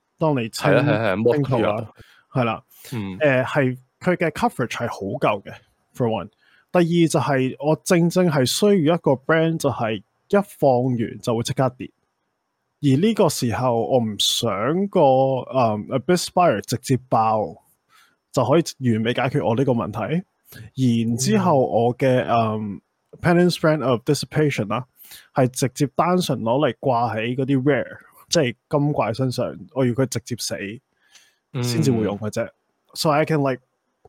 當你清的清楚啦、啊、係啦、啊，誒係佢、嗯、嘅 coverage 係好夠嘅。For one，第二就係、是、我正正係需要一個 brand 就係一放完就會即刻跌，而呢個時候我唔想個誒 a big fire 直接爆就可以完美解決我呢個問題。然之後我嘅誒 Penance Brand of dissipation 啦、啊，係直接單純攞嚟掛喺嗰啲 rare。即係金怪身上，我要佢直接死，先至會用嘅啫。Mm. So I can like，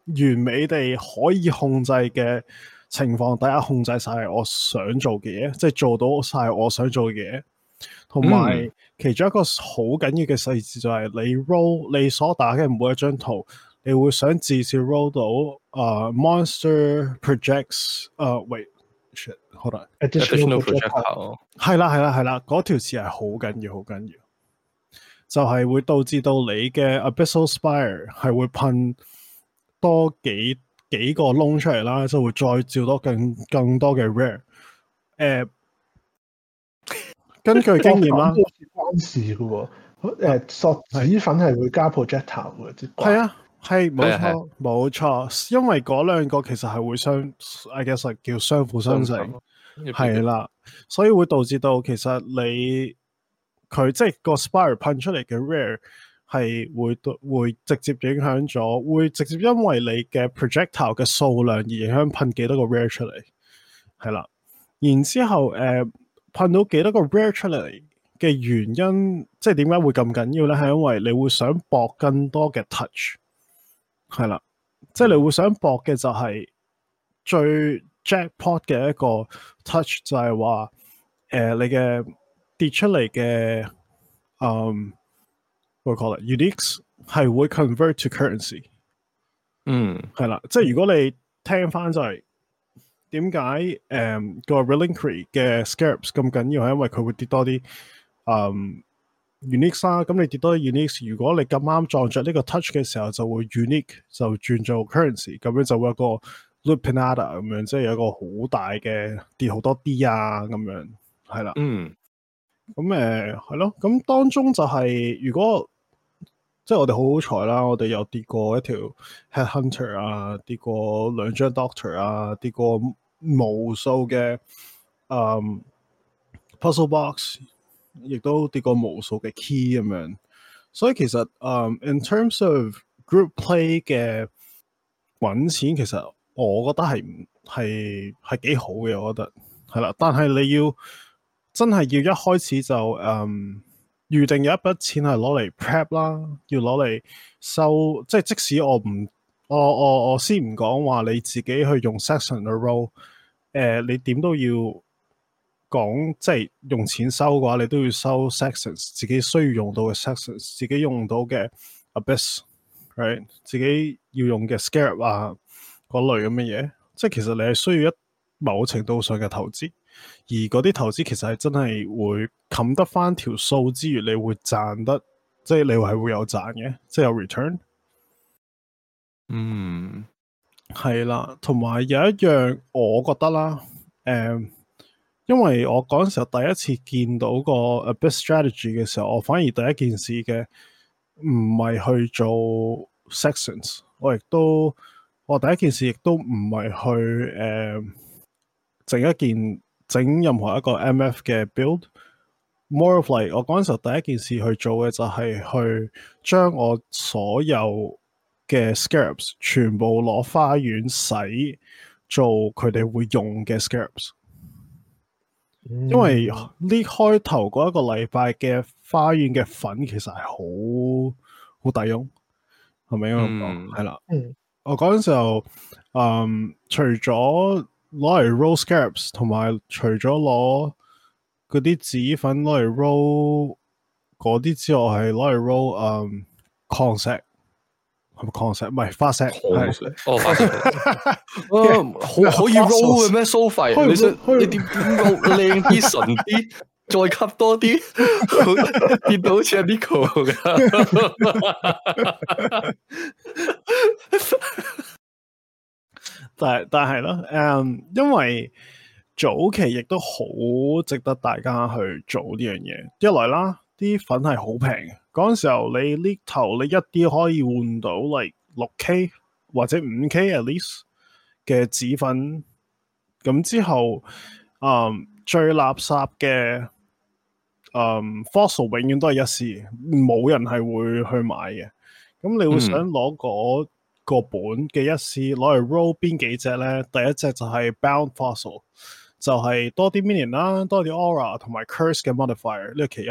完美地可以控制嘅情況底下，控制晒我想做嘅嘢，即係做到晒我想做嘅嘢。同埋，mm. 其中一個好緊要嘅細節就係你 roll 你所打嘅每一張圖，你會想至少 roll 到啊、uh, monster projectiles 啊、uh, 好能 additional projector，係啦係啦係啦，嗰條詞係好緊要好緊要，要就係、是、會導致到你嘅 abysal s Sp spire 係會噴多幾幾個窿出嚟啦，就會再照多更更多嘅 rare。誒、欸，根據經驗啦， *laughs* 關事嘅，誒、呃，索紙粉係會加 projector 嘅，係啊。係冇 Hey, 的錯，冇的錯，因為嗰兩個其實係會相，I guess 叫相輔相成，係啦長，的所以會導致到其實你佢即係個 spire 噴出嚟嘅 rare 係會對會直接影響咗，會直接因為你嘅 projectile 嘅數量而影響噴幾多個 rare 出嚟，係啦，然之後誒噴、呃、到幾多個 rare 出嚟嘅原因，即係點解會咁緊要咧？係因為你會想搏更多嘅 touch。係啦，即係你會想搏嘅就係最 jackpot 嘅一個 touch 就係話，誒、呃、你嘅跌出嚟嘅，嗯，我 call it unique 係會 convert to currency。嗯，係啦，即係如果你聽翻就係、是、點解誒個、呃、Reliquary 嘅 Scarabs 咁緊要，係因為佢會跌多啲，嗯。unique 啦，咁你跌多 unique 如果你咁啱撞着呢個 touch 嘅時候，就會 unique 就轉做 currency，咁樣就會有個 loop panada 咁樣，即係有一個好大嘅跌好多啲啊，咁樣係啦。嗯，咁誒係咯，咁、呃、當中就係、是、如果即係我哋好好彩啦，我哋又跌過一條 head hunter 啊，跌過兩張 doctor 啊，跌過無數嘅誒、um, puzzle box。亦都跌過無數嘅 key 咁樣，所以其實，嗯、um,，in terms of group play 嘅搵錢，其實我覺得係係係幾好嘅，我覺得係啦。但係你要真係要一開始就，嗯、um,，預定有一筆錢係攞嚟 prep 啦，要攞嚟收，即、就、係、是、即使我唔，我我我先唔講話你自己去用 section a roll，誒、呃，你點都要。講，即係用錢收嘅話，你都要收 sextant 自己需要用到嘅 sextant，自己用到嘅 abyss，right? 自己要用嘅 scarab 啊嗰類咁嘅嘢，即係其實你係需要一某程度上嘅投資，而嗰啲投資其實係真係會冚得翻條數之餘，你會賺得，即係你係會有賺嘅，即係有 return。嗯，係啦，同埋有，有一樣我覺得啦，誒、嗯。因為我嗰陣時候第一次見到個 best strategy 嘅時候，我反而第一件事嘅唔係去做 sections，我亦都我第一件事亦都唔係去誒整、呃、一件整任何一個 M.F 嘅 build。More of like 我嗰陣時候第一件事去做嘅就係去將我所有嘅 scarabs 全部攞花園洗，做佢哋會用嘅 scarabs。因為呢，開頭嗰一個禮拜嘅花園嘅粉其實係好好抵用，係咪啊？係啦，我嗰陣時候，嗯，除咗攞嚟 roll scarabs 同埋除咗攞嗰啲紙粉攞嚟 roll 嗰啲之外，係攞嚟 roll 嗯 concept concept 唔係化石，係好是哦化石，可可以 roll 嘅咩 so far？你你點點夠靚啲、純啲， *laughs* 再吸多啲，跌到好似阿 Nicko 咁。但但係咧，嗯、um,，因為早期亦都好值得大家去做呢樣嘢，一來啦。啲粉係好平，嗰陣時候你呢頭你一啲可以換到嚟六 K 或者五 K at least 嘅紙粉，咁之後，嗯最垃圾嘅，嗯 fossil 永遠都係一 C，冇人係會去買嘅。咁你會想攞嗰個本嘅一 C 攞嚟 roll 邊幾隻咧？第一隻就係 bound fossil，就係多啲 minion 啦，多啲 aura 同埋 curse 嘅 modifier 呢個其一。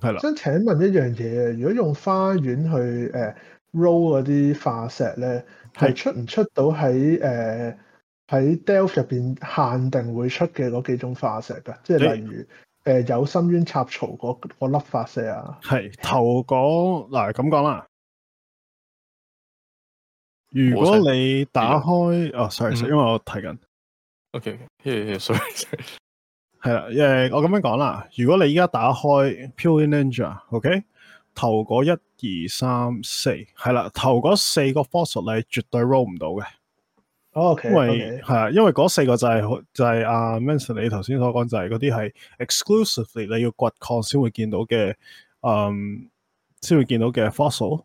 係啦，想請問一樣嘢，如果用花園去誒、呃、roll 嗰啲化石咧，係是出唔出到喺誒喺 Delve 入邊限定會出嘅嗰幾種化石㗎？即係例如誒、欸呃、有深淵插槽嗰、那、粒、個那個、化石啊？係頭講嗱咁講啦，如果你打開哦，sorry，、嗯、因為我睇緊，ok，here here，sorry。Okay, here, here, sorry, 係啦，誒、呃，我咁樣講啦，如果你依家打開 poe.ninja，OK，、okay? 頭嗰一二三四，係啦，頭嗰四個 fossil 你絕對 roll 唔到嘅 o Okay, 因為係啊 okay.，因為嗰四個就係、是、就係、是、阿、啊、Manson 你頭先所講就係嗰啲係 exclusively 你要掘礦先會見到嘅，嗯，先會見到嘅 fossil、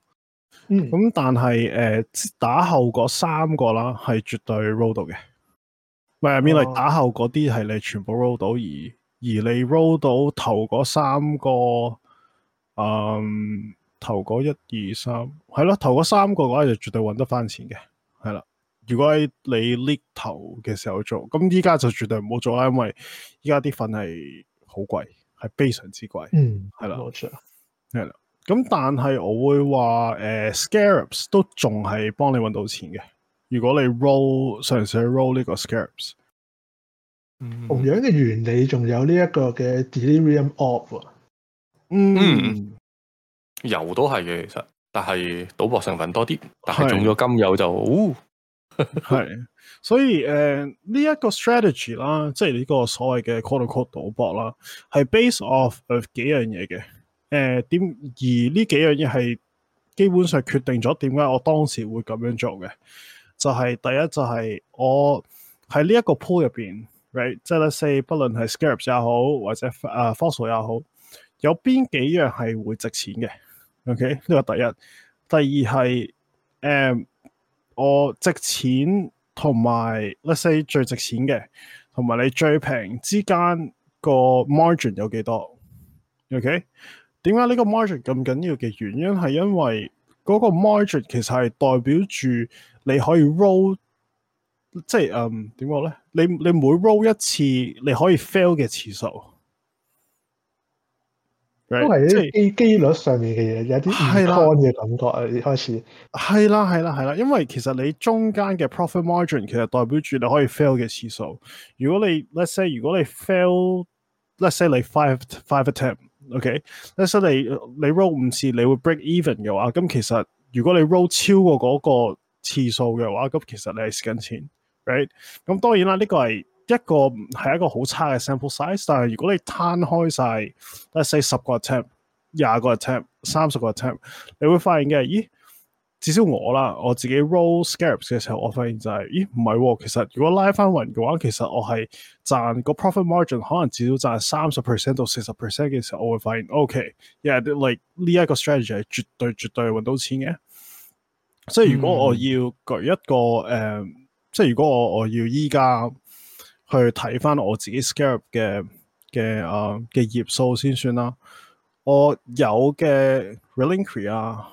mm，嗯、hmm.，咁但係誒打後嗰三個啦係絕對 roll 到嘅。咪係未來打後嗰啲係你全部 roll 到，而而你 roll 到頭嗰三個，嗯，頭嗰一二三係咯，頭嗰三個嘅話就絕對揾得返錢嘅，係啦。如果係你 lift 頭嘅時候做，咁依家就絕對冇做啦，因為依家啲份係好貴，係非常之貴。嗯，係啦了，係啦錯。咁但係我會話誒、呃、Scarabs 都仲係幫你揾到錢嘅。如果你 roll 上唔成 roll 呢個 Scarabs，、嗯、同樣嘅原理仲有呢一個嘅 delirium of，嗯，嗯油都係嘅，其實，但係賭博成分多啲，但係中咗金油就，係是， *laughs* 所以誒呢一個 strategy 啦，即係呢個所謂嘅 quote to quote 賭博啦，係 base off of 誒幾樣嘢嘅，誒、呃、點而呢幾樣嘢係基本上決定咗點解我當時會咁樣做嘅。就係第一就係我喺呢一個鋪入邊，right，即係 let's say 不論係 Scarab 也好或者誒 Fossil 也好，有邊幾樣係會值錢嘅，OK 呢個第一。第二係誒、um, 我值錢同埋 Let’s say 最值錢嘅，同埋你最平之間 mar、okay? 個 margin 有幾多？OK，點解呢個 margin 咁緊要嘅原因係因為，嗰個 margin 其實係代表住你可以 roll，即係嗯點講咧？你你每 roll 一次你可以 fail 嘅次數，right? 都係啲機機率上面嘅嘢，有啲唔乾嘅感覺啊！啦開始，係啦係啦係啦，係啦，因為其實你中間嘅 profit margin 其實代表住你可以 fail 嘅次數。如果你 let’s say 如果你 fail，let’s say 你 five five attempt。OK，一出嚟你 roll 五次你會 break even 嘅話，咁其實如果你 roll 超過嗰個次數嘅話，咁其實你係蝕緊錢，right？咁當然啦，呢個係一個係一個好差嘅 sample size，但係如果你攤開曬，例如十個 attempt、廿個 attempt、三十個 attempt，你會發現嘅係，咦？至少我啦，我自己 roll scarabs 嘅時候，我發現就係、是，咦唔係、啊，其實如果拉翻匀嘅話，其實我係賺個 profit margin 可能至少賺三十 percent 到四十 percent 嘅時候，我會發現，ok，yeah，like、okay, 呢一個 strategy 係絕對絕對係揾到錢嘅。嗯、即係如果我要舉一個誒、呃，即係如果我我要依家去睇翻我自己 scarab 嘅嘅啊嘅頁數先算啦，我有嘅 reliquary 啊。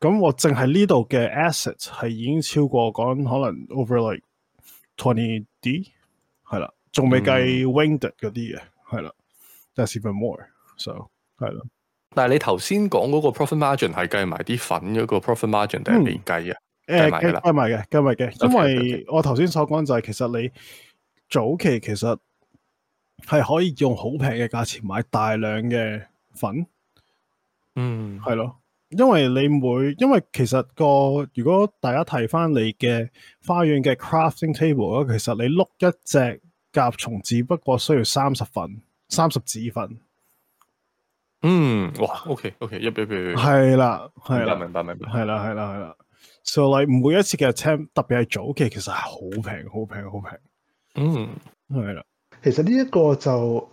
咁我淨係呢度嘅 asset 係已經超過，講可能 over like twenty d 係啦，仲未計 winded 嗰啲嘅係啦，that's even more so 係啦。但係你頭先講嗰個 profit margin 係計埋啲粉嗰嗰個 profit margin 定係未計啊？誒、嗯，計埋、呃、嘅，計埋嘅，計埋嘅。因為我頭先所講就係其實你早期其實係可以用好平嘅價錢買大量嘅粉，嗯，係咯。因為你每，因為其實個，如果大家睇翻你嘅花園嘅 crafting table 咧，其實你碌一隻甲蟲，只不過需要三十份三十紙份。指，嗯，哇，OK OK，一比比，係啦係啦，明白了明白，係啦係啦係啦。所以唔每一次嘅 attempt，特別係早期，其實係好平好平好平。嗯，係啦。其實呢一個就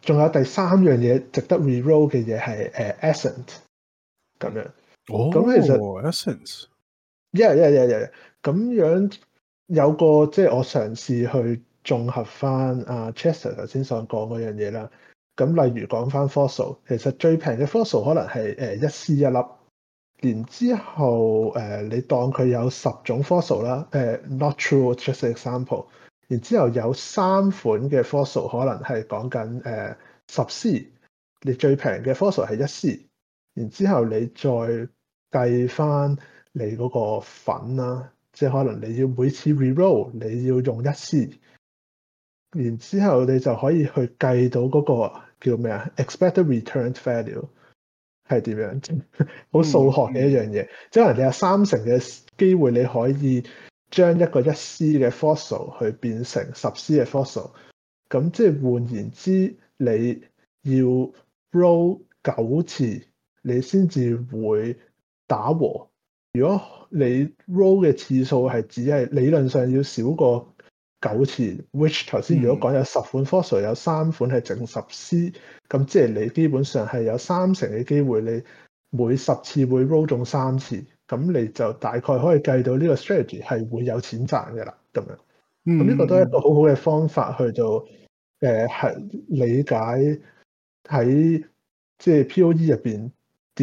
仲有第三樣嘢值得 re-roll 嘅嘢係誒 essence。咁樣，咁、oh, 其實，yeah、yeah、yeah、yeah，咁樣有個即係我嘗試去綜合翻啊，Chester 頭先想講嗰樣嘢啦。咁例如講翻 fossil，其實最平嘅 fossil 可能係誒一 C 一粒，然之後誒、呃、你當佢有十種 fossil 啦、呃，誒 not true just example。然之後有三款嘅 fossil 可能係講緊誒十 C，呃、C, 你最平嘅 fossil 係一 C。然之後你再計翻你嗰個粉啦，即係可能你要每次 re-roll 你要用一絲，然之後你就可以去計到嗰、嗰個叫咩啊 expected return value 係點樣？好 *laughs* 數學嘅一樣嘢，嗯、即可能你有三成嘅機會你可以將一個一絲嘅 fossil 去變成十絲嘅 fossil，咁即係換言之，你要 roll 九次。你先至會打和。如果你 roll 嘅次數係只係理論上要少過九次，which 頭先如果講有十款 fossil 有三款係整十 C，咁即係你基本上係有三成嘅機會，你每十次會 roll 中三次，咁你就大概可以計到呢個 strategy 係會有錢賺嘅啦。咁樣，咁呢個都係一個好好嘅方法去到誒係理解喺即係 POE 入邊。就是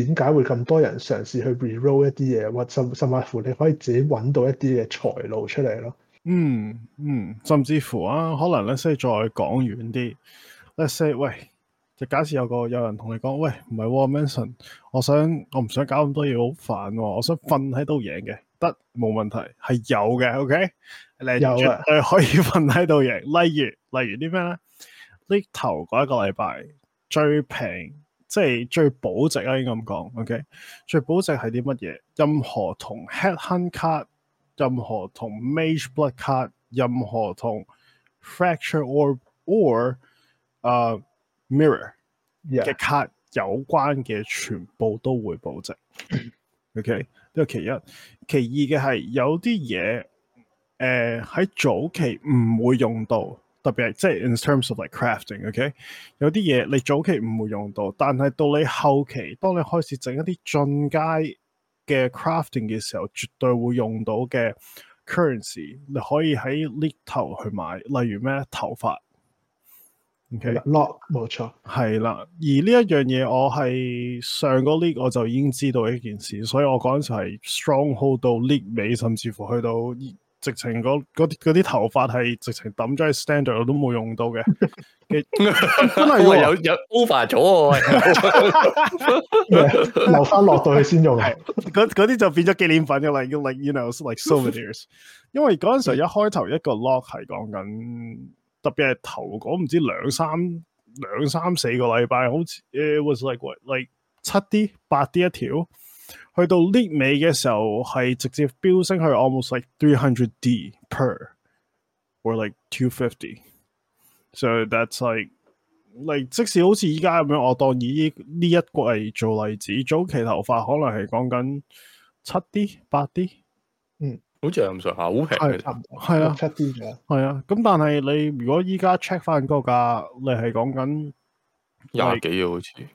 點解會咁多人嘗試去 re-roll 一啲嘢，或甚甚至乎你可以自己揾到一啲嘅財路出嚟咯？嗯嗯，甚至乎啊，可能咧所以再講遠啲，Let's say 喂，就假設有個有人同你講，喂，唔係我 Manson 我想我唔想搞咁多嘢，好煩喎，喔，我想瞓喺度贏嘅，得冇問題，係有嘅，OK，你絕對可以瞓喺度贏。例如例如啲咩咧？呢頭嗰一個禮拜最平。即係最保值啊！應該咁講，OK？最保值係啲乜嘢？任何同 head hunt 卡、任何同 mage blood card，任何同 fracture or or、uh, mirror 嘅卡有關嘅，全部都會保值。OK？呢個其一，其二嘅係有啲嘢誒喺早期唔會用到。特別係即係 in terms of like crafting，OK、okay? 有啲嘢你早期唔會用到，但係到你後期，當你開始整一啲進階嘅 crafting 嘅時候，絕對會用到嘅 currency，你可以喺 league 頭去買，例如咩頭髮，OK，lock 冇錯，係、okay? 啦。而呢一樣嘢我係上個 league 我就已經知道一件事，所以我嗰陣時係 stronghold 到 league 尾，甚至乎去到。直情嗰嗰啲嗰啲頭髮係直情抌咗喺 standard 都冇用到嘅，真係因為有有 over 咗，留翻落到去先用。嗰嗰啲就變咗紀念品㗎啦。要 like you know like so many years，因為嗰陣時一開頭一個 lock 係講緊，特別係頭嗰唔知兩三兩三四個禮拜，好似 was like what like 七啲八啲一條。去到呢尾嘅時候，係直接飆升去 almost like three hundred D per or like two fifty。所以 that's like，你、like，即使好似依家咁樣，我當以呢一季嚟做例子，早期頭髮可能係講緊七 D 八 D，嗯，好似係咁上下，好平，差唔多，係啊，七、嗯、D 咗，係啊。咁但係你如果依家 check 翻嗰個價，你係講緊廿幾啊，好似。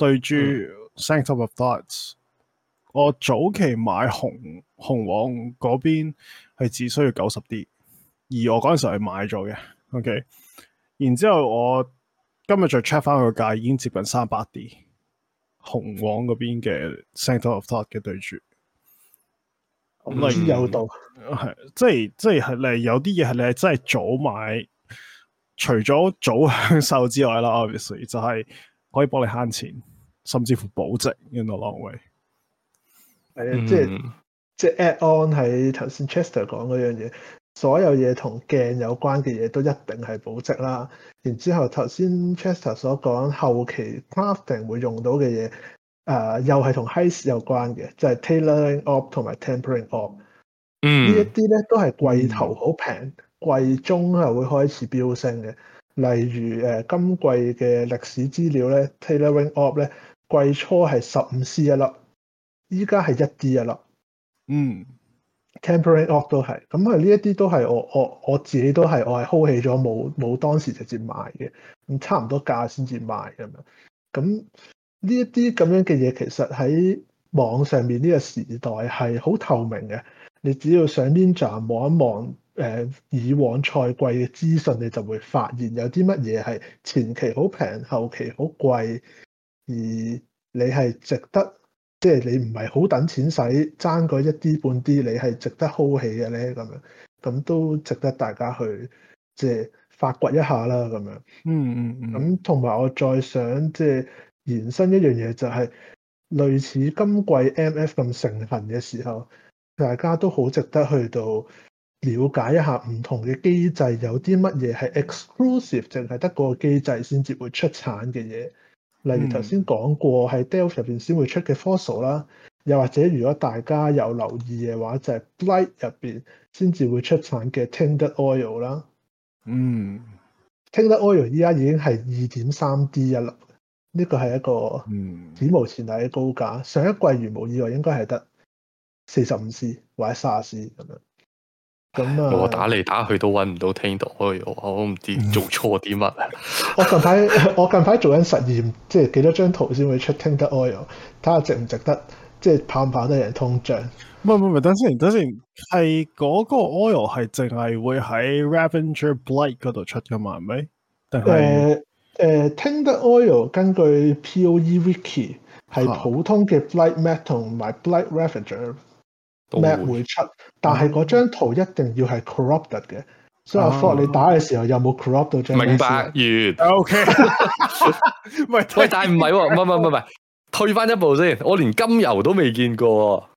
對住 sant of thoughts，我早期買紅紅網嗰邊係只需要九十 D，而我嗰陣時係買咗嘅。OK，然之後我今日再 check 翻個價，已經接近三百 D。紅網嗰邊嘅 sant of thought 嘅對住咁嚟有道，即係即係你係有啲嘢係你係真係早買，除咗早享受之外啦，Obviously 就係可以幫你慳錢。甚至乎保值，in a l 位。係啊、嗯， *noise* 即係即係 add on 喺頭先 Chester 講嗰樣嘢，所有嘢同鏡有關嘅嘢都一定係保值啦。然之後頭先 Chester 所講後期 crafting 會用到嘅嘢，誒、呃、又係同 heist 有關嘅，就係 tailoring orb 同埋 tempering orb。嗯呢，呢一啲咧都係季頭好平，季、嗯、中係會開始飆升嘅。例如誒、呃、今季嘅歷史資料咧，tailoring orb 咧。呢季初係十五 C 一粒，依家係一 D 一粒，嗯，Tempering Oak 都係，咁啊呢一啲都係我我我自己都係我係 hold 起咗冇冇當時直接買嘅，咁差唔多價先至買咁樣，咁呢一啲咁樣嘅嘢，其實喺網上面呢個時代係好透明嘅，你只要上 Ninja 望一望，誒、呃、以往賽季嘅資訊，你就會發現有啲乜嘢係前期好平，後期好貴。而你係值得，即係你唔係好等錢使，爭嗰一啲半啲，你係值得 hold 起嘅咧，咁樣，咁都值得大家去即係發掘一下啦，咁樣。嗯嗯嗯。咁同埋我再想即係延伸一樣嘢，就係，就係類似今季 MF 咁盛行嘅時候，大家都好值得去到了解一下唔同嘅機制，有啲乜嘢係 exclusive，淨係得嗰個機制先至會出產嘅嘢。例如頭先講過喺 Delve 入邊先會出嘅 Fossil 啦，又或者如果大家有留意嘅話，就係 Blight 入邊先至會出產嘅 Tainted Oil 啦。嗯，Tainted Oil 依家已經係二點三 D 一粒，呢、這個係一個史無前例嘅高價。上一季如無意外應該係得四十五 c 或者卅 c 咁樣。咁啊！我打嚟打去都搵唔到 Tainted Oil，我唔知做錯啲乜啊！我近排我近排做緊實驗，即係幾多張圖先會出 Tainted Oil，睇下值唔值得，即係跑唔跑得人通脹？唔唔唔，等先，等先，係嗰個 Oil 係淨係會喺 Ravager Blight 嗰度出噶嘛？係咪？誒誒、呃呃、Tainted Oil 根據 P O E Wiki 係普通嘅 Blight Metal 同埋 Blight Ravager map 會出，但係嗰張圖一定要係 corrupted 嘅，所以阿 f lock，你打嘅時候有冇 corrupt 到 d 張明白月，OK。完 *laughs* *laughs* 喂，但係唔係喎，唔係唔唔唔，退翻一步先，我連金油都未見過。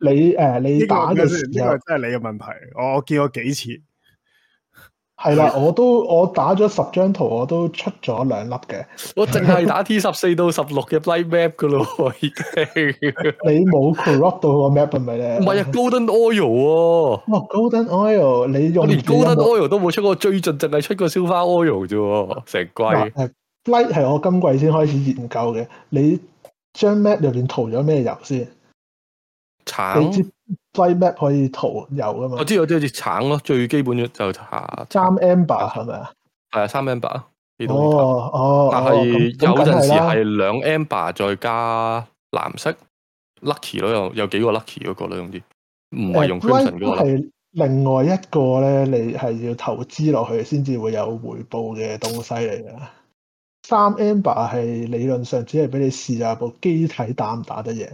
你誒、呃，你打嘅時候呢、這個這個、真係你嘅問題，我我見過幾次。係啦，我都我打咗十張圖，我都出咗兩粒嘅。我淨係打 T 十四到十六嘅 Blight Map 噶咯，已 *laughs* 經。 *laughs* 你冇 corrupt 到個 map 係咪咧？唔係啊，Golden Oil 喎，啊。哇、哦、，Golden Oil，你用？我連 Golden Oil 都冇出過，最近淨係出過 Silver Oil 啫，成季。誒，Blight 係我今季先開始研究嘅。你張 map 入邊塗咗咩油先？橙？你知 Blight Map 可以塗油噶嘛？我知，我知，好似橙咯，最基本就橙。三 Amber 係咪啊？係啊，三 Amber 啊，呢度、哦是哦。哦哦。但、嗯、係有陣時係兩 Amber 再加藍色 lucky 咯，有有幾個 lucky 嗰個咯，用啲，唔係用 Crimson 嗰個。係、那個、Black 另外一個咧，你係要投資落去先至會有回報嘅東西嚟噶。三 Amber 係理論上只係俾你試下部機體打唔打得嘢。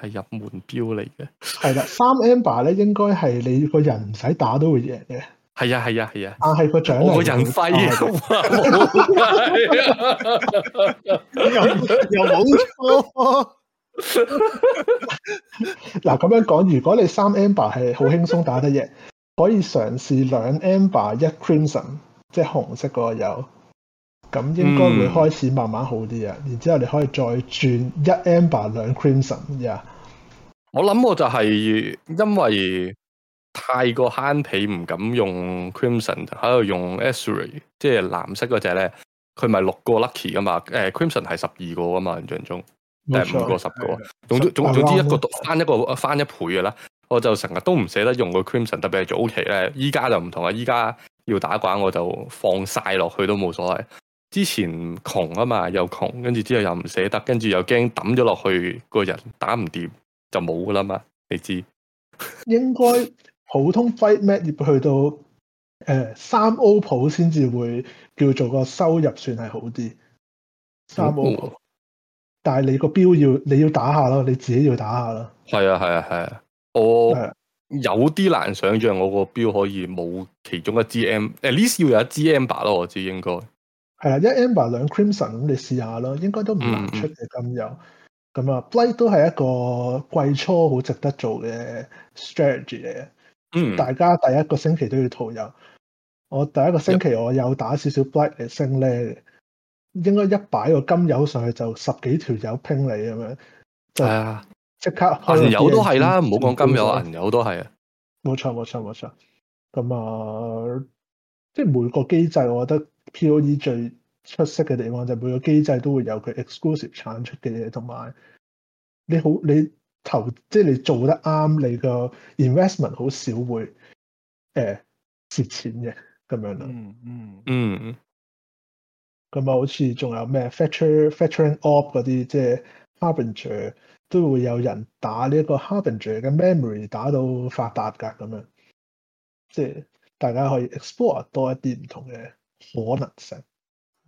係入門標嚟嘅，係啦。三 m b e r 咧，應該係你個人唔使打都會贏嘅。係啊， *laughs* 係啊，係啊。但係個獎，個人輝又又冇錯。嗱，咁樣講，如果你三 m b e r 係好輕鬆打得贏，可以嘗試兩 m b e r 一 crimson，即係紅色嗰個有。咁應該會開始慢慢好啲啊！嗯、然之後你可以再轉一 amber 兩 crimson 呀。我諗我就係因為太過慳皮唔敢用 crimson 喺度用 azure，即係藍色嗰隻咧，佢咪六個 lucky 噶嘛？誒、欸、crimson 係十二個啊嘛？印象中誒五錯個十個，的總大總總，總之一個翻一個翻一倍嘅啦。我就成日都唔捨得用個 crimson，特別係早期咧。依家就唔同啊。依家要打掛我就放晒落去都冇所謂。之前窮啊嘛，又窮，跟住之後又唔捨得，跟住又驚抌咗落去，個人打唔掂就冇噶啦嘛，你知？應該普通 fight mate 去到誒三歐普先至會叫做個收入算係好啲，三歐普。哦、但係你個標要你要打下咯，你自己要打下咯。係啊，係啊，係啊，啊啊啊我有啲難想象我個標可以冇其中一支 M，誒，至少要有一支 m b 咯，我知應該。係啦，一 Amber 兩 Crimson，咁你試下咯，應該都唔難出嘅金油。咁啊，Blight 都係一個季初好值得做嘅 strategy 嚟嘅。嗯，大家第一個星期都要塗油。我第一個星期我有打少少 Blight 嚟升咧，嗯、應該一擺個金油上去就十幾條友拼你咁樣。係啊，即刻。銀油都係啦，唔好講金油啦，銀油都係啊。冇錯，冇錯，冇錯。咁啊，即係每個機制，我覺得。P.O.E 最出色嘅地方就係每個機制都會有佢 exclusive 產出嘅嘢，同埋你好你投即係、就是、你做得啱，你個 investment 好少會誒蝕、呃、錢嘅咁樣啦、嗯。嗯嗯嗯。咁啊，好似仲有咩 feature、feature and op 嗰啲，即、就、係、是、harbinger 都會有人打呢一個 harbinger 嘅 memory 打到發達㗎咁樣，即、就、係、是、大家可以 explore 多一啲唔同嘅可能性，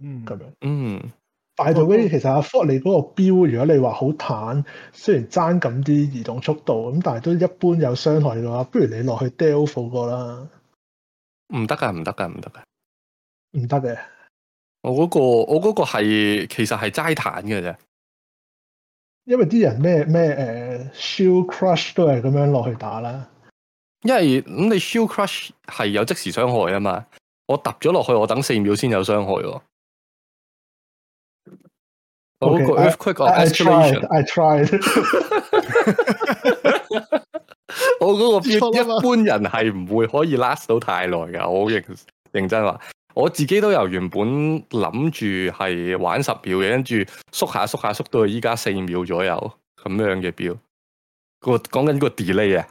嗯，咁樣，嗯，大係到嗰啲，其實阿福你嗰個標，如果你話好坦，雖然爭咁啲移動速度，咁但係都一般有傷害嘅話，不如你落去 delve 過啦。唔得噶，唔得噶，唔得噶，唔得嘅。我嗰個，我嗰個係其實係齋坦嘅啫。因為啲人咩咩誒 shield crush 都係咁樣落去打啦。因為咁你 shield crush 係有即時傷害啊嘛。我揼咗落去，我等四秒先有傷害咯。Okay，我嗰個 earthquake 個 acceleration，我嗰個表一般人係唔會可以 last 到太耐噶。我認認真話，我自己都由原本諗住係玩十秒嘅，跟住縮下縮下縮到依家四秒左右咁樣嘅表。個講緊個 delay 啊，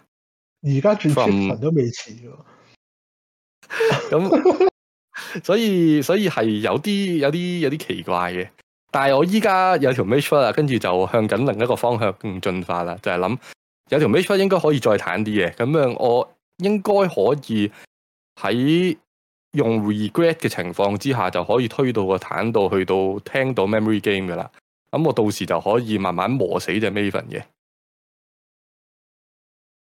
而家轉轉都未遲。咁。 *laughs* 所以所以係有啲有啲有啲奇怪嘅，但係我依家有條 measure 啦跟住就向緊另一個方向更進化啦，就係、是、諗有條 measure 應該可以再坦啲嘅，咁樣我應該可以喺用 regret 嘅情況之下，就可以推到個坦度去到聽到 memory game 噶啦，咁我到時就可以慢慢磨死隻 Maven 嘅，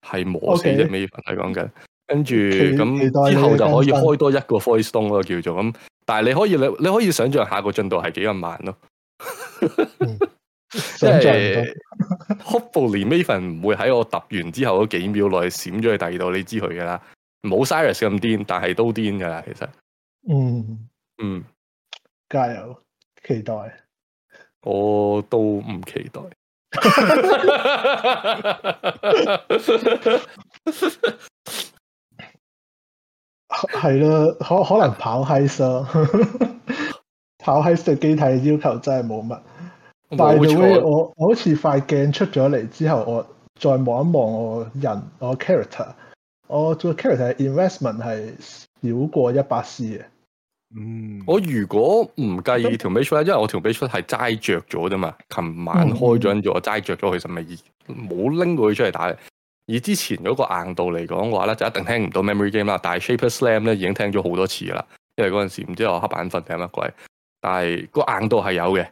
係磨死隻 Maven 嚟講嘅。Okay. 跟住咁，後期待 之後就可以開多一個 Voidstone 咯，叫做咁。但係你可以你你可以想象下個進度係幾咁慢咯，即 *laughs* 係 hopefully Maven 唔會喺我揼完之後嗰幾秒內閃咗去第二度，你知佢噶啦。冇 Sirus 咁癲，但係都癲噶啦，其實。嗯嗯，嗯加油，期待。我都唔期待。 *laughs* *laughs* 係咯，可、 *noise* 啊、可能跑 Heist、啊、 *laughs* 跑 Heist 機體要求真係冇乜。錯但係我，我好似塊鏡出咗嚟之後，我再望一望我人，我 character，我做 character investment 係少過一百 C 嘅。嗯，我如果唔計條 base 因為我條 base 係齋着咗啫嘛，琴晚開咗跟住我齋着咗其實咪冇拎過佢出嚟打以之前嗰個硬度嚟講嘅話咧，就一定聽唔到 Memory Game 啦。但係 Shaper Slam 咧已經聽咗好多次啦，因為嗰陣時唔知我黑板瞓定乜鬼。但係個硬度係有嘅，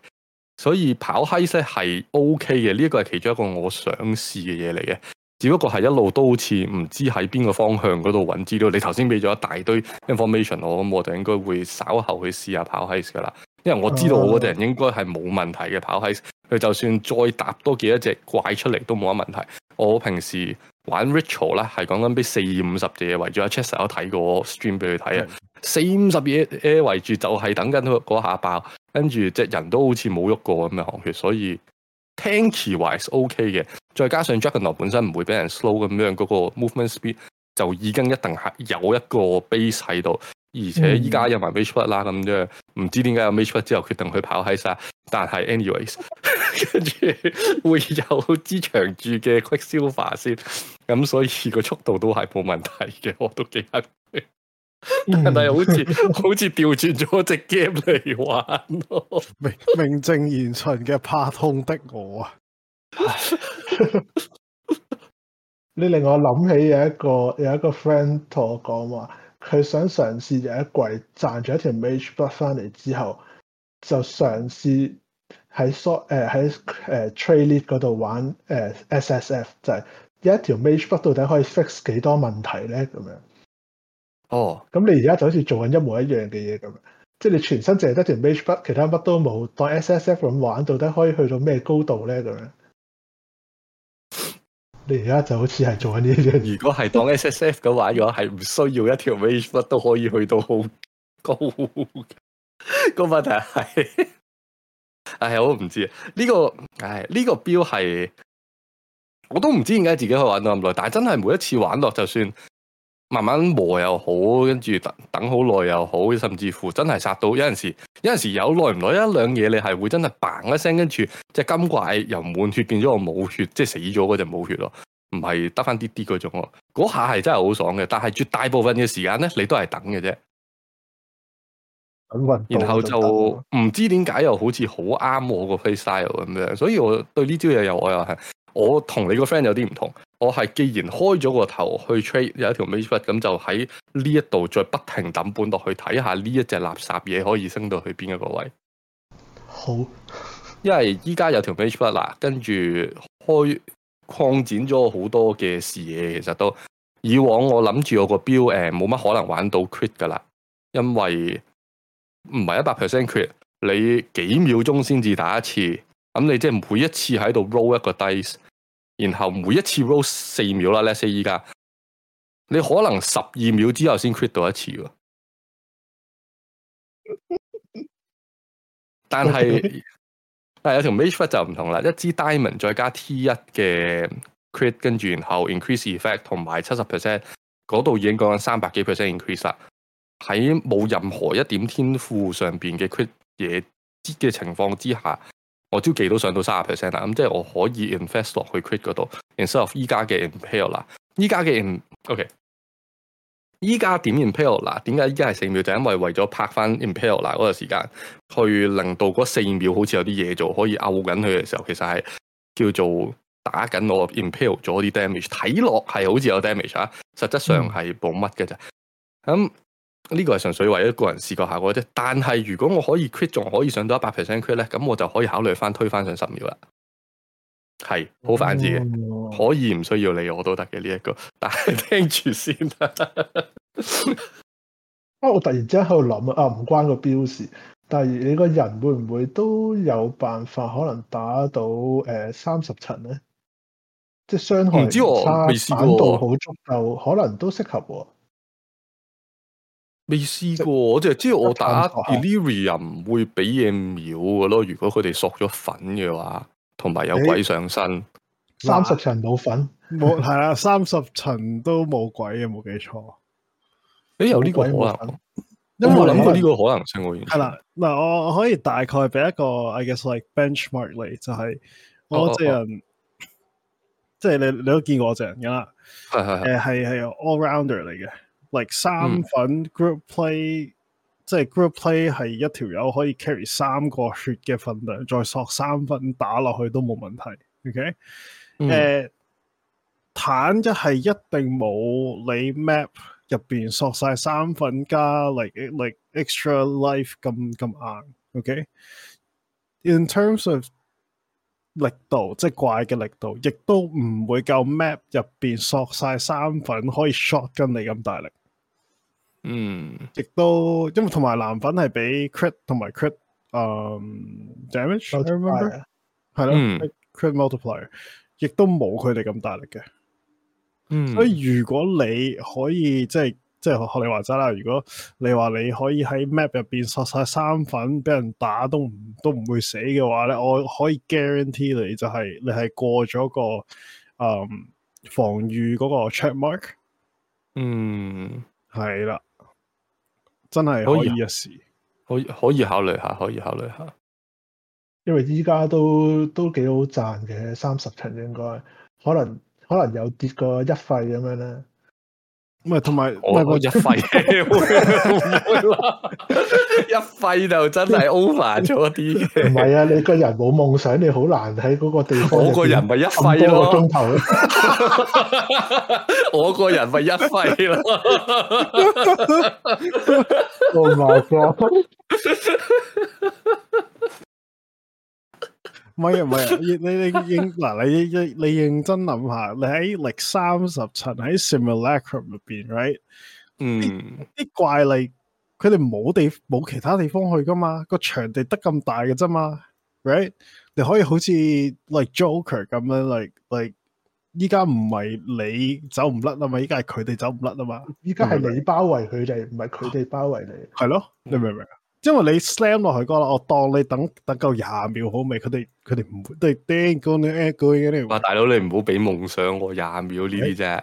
所以跑 Heist 係 OK 嘅。呢、這、一個係其中一個我想試嘅嘢嚟嘅，只不過係一路都好似唔知喺邊個方向嗰度揾資料。你頭先俾咗一大堆 information 我，咁我哋應該會稍後去試下跑 Heist 噶啦。因為我知道我啲人應該係冇問題嘅跑 Heist，佢就算再搭多幾多隻怪出嚟都冇乜問題。我平時玩 Ritual 咧係講緊俾四五十隻嘢圍住阿 Chester 有睇過 stream 俾佢睇啊，四五十嘢圍住就係等緊嗰下爆，跟住隻人都好似冇喐過咁嘅行血，所以 tankywise OK 嘅，再加上 Juggernaut 本身唔會俾人 slow 咁樣，嗰、那個 movement speed 就已經一定係有一個 base 喺度，而且依家有埋 Mageblood 啦咁啫，唔知點解有 Mageblood 之後決定去跑喺晒。但係 anyways 跟住 *laughs* *laughs* *laughs* 會有支長住嘅 quicksilver 先。咁所以個速度都係冇問題嘅，我都幾欣，但係好似、嗯、好似調轉咗隻 game 嚟玩，啊，名名正言順嘅怕痛的我啊！ *laughs* *laughs* 你令我諗起有一個有一個 friend 同我講話，佢想嘗試有一季賺咗一條 Mageblood 翻嚟之後，就嘗試喺 short 誒喺誒 trade league 度玩誒、呃、SSF 就係、是。有一條 Mageblood 到底可以 fix 幾多問題咧？咁樣，哦，咁你而家就好似做緊一模一樣嘅嘢咁，即係你全身淨係得條 Mageblood，其他乜都冇，當 SSF 咁玩，到底可以去到咩高度咧？咁樣， *laughs* 你而家就好似係做緊呢樣。如果係當 SSF 咁玩嘅話，係唔需要一條 Mageblood 都可以去到好高。 *laughs* 個問題係，唉、 *laughs* 哎，我唔知啊。呢、呢個唉，呢、哎呢個標係。我都唔知點解自己去玩到咁耐，但係真係每一次玩落，就算慢慢磨又好，跟住等等好耐又好，甚至乎真係殺到有陣時，有陣時有耐唔耐一兩嘢，你係會真係嘭一聲，跟住隻金怪由滿血變咗我冇血，即係死咗嗰陣冇血咯，唔係得翻啲啲嗰種咯。嗰下係真係好爽嘅，但係絕大部分嘅時間咧，你都係等嘅啫。等運，然後就唔知點解，又好似好啱我個 play style 咁樣，所以我對呢招嘢又愛又恨。我你同你個 friend 有啲唔同，我係既然開咗個頭去 trade，有一條 message 咁，就喺呢一度再不停抌半落去睇下呢一隻垃圾嘢，可以升到去邊一個位。好，因為依家有條 message 啦，跟住開擴展咗好多嘅視野。其實都以往我諗住我個標誒冇乜可能玩到 quit 噶啦，因為唔係一百 percent quit，你幾秒鐘先至打一次。咁、嗯、你即係每一次喺度 roll 一個 dice，然後每一次 roll 四秒啦。Let's say 依家，你可能十二秒之後先 crit 到一次，但係但係有條 magic 就唔同啦，一支 diamond 再加 T 一嘅 crit，跟住然後 increase effect 同埋七十 percent，嗰度已經講緊三百幾 percent increase 啦。喺冇任何一點天賦上邊嘅 crit 嘢嘅情況之下。我早期都上到三十 percent 啦，咁、嗯、即係我可以 invest 落去 crit 嗰度，instead of 依家嘅 impale 啦，依家嘅 imp，ok 依家點 impale 啦？點解依家係四秒？就係、因為為咗拍翻 impale 啦嗰個時間，去令到嗰四秒好似有啲嘢做，可以拗緊佢嘅時候，其實係叫做打緊我 impale 咗啲 damage，睇落係好似有 damage，實質上係冇乜嘅啫。咁、嗯。Um, 呢個係純粹為一個人試過效果啫。但係如果我可以 quit，仲可以上到一百 percent quit 咧，咁我就可以考慮翻推翻上十秒啦。係好反智嘅，哦、可以唔需要你我都得嘅呢一個。但係聽住先啊。哦、 *laughs* 我突然之間喺度諗啊，唔關個標示，但係你個人會唔會都有辦法可能打到誒三十層咧？即係傷害差反度好足夠，可能都適合。未試過，即係即係我打 Delirium 唔對會俾嘢秒噶咯。如果佢哋索咗粉嘅話，同埋有鬼上身，你拉 三十層冇粉，冇係啊，三十層都冇鬼嘅，冇記錯。誒，有呢個可能，因為我諗過呢個可能性我喎。係啦，嗱，我可以大概俾一個，I guess like benchmark 嚟，就係、是、我隻人，即係、哦哦、你你都見過我隻人噶啦，誒係係 all round 嚟嘅。週 asion like 三粉 group play，、嗯、即係 group play 係一條友可以 carry 三個血嘅分量，再索三粉打落去都冇問題。OK，誒、嗯，uh, 坦一係一定冇你 map 入邊索晒三粉加 like like extra life 咁咁硬。OK，in、okay? terms of 力度，即係怪嘅力度，亦都唔會夠 map 入邊索晒三粉可以 short 跟你咁大力。嗯，亦都因為同埋藍粉係比 crit 同埋 crit，嗯 damage，係咯，crit multiplier，亦都冇佢哋咁大力嘅。嗯，所以如果你可以即係即係學你話齋啦，如果你話你可以喺 map 入邊殺晒三粉俾人打都唔都唔會死嘅話咧，我可以 guarantee 你就係、是、你係過咗個嗯防禦嗰個 check mark。嗯，係啦、嗯。真係可以一試，可以可以考慮下，可以考慮下，因為依家都都幾好賺嘅，三十層應該可能可能有跌過一廢咁樣咧。唔係，同埋唔係我一廢，一廢就真係 over 咗啲嘅。唔係啊，你個人冇夢想， *laughs* 你好難喺嗰個地方。我個人咪一廢一個鐘頭咯，我個人咪一廢咯。Oh my g 唔係唔係，你你認嗱，你你你認真諗下，你喺歷三十層喺 Simulacrum 入邊，right？嗯，啲怪嚟，佢哋冇地冇其他地方去噶嘛？個場地得咁大嘅啫嘛，right？你可以好似 like Joker 咁樣，like like 依家唔係你走唔甩啊嘛，依家係佢哋走唔甩啊嘛，依家係你包圍佢哋，唔係佢哋包圍你。係咯 *laughs* 你明唔明因為你 slam 落去個啦，我當你等等夠廿秒好未？佢哋佢哋唔都係叮嗰啲 egg g o，大佬你唔好俾夢想我廿秒呢啲啫。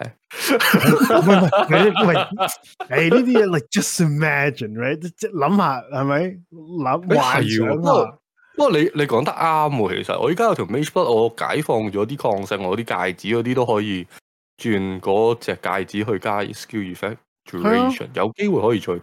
唔係唔呢啲嘢嚟 just imagine，即係諗下係咪？諗怪咗，不過你你講得啱喎，其實我依家有條 m a c e b o o k，我解放咗啲抗性，我啲戒指嗰啲都可以轉嗰隻戒指去加 s k e e 有機會可以再睇，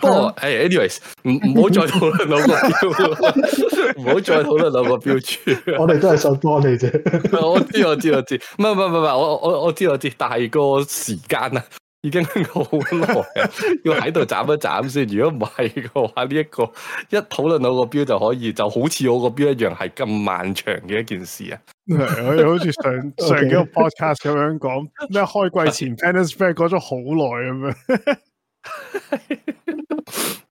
不過誒，anyways，唔唔好再討論兩個標，唔好再討論兩個標，我哋都係想幫你啫，我知我知我知，唔係唔係唔係，我我我知我知，但係個時間啊。已經好耐，要喺度斬一斬先。如果唔係嘅話，呢、這個、一個一討論到個標就可以，就好似我個標一樣，係咁漫長嘅一件事啊！我哋好似上上幾個 podcast 咁樣講，咩開季前 tennis break 過咗好耐咁樣。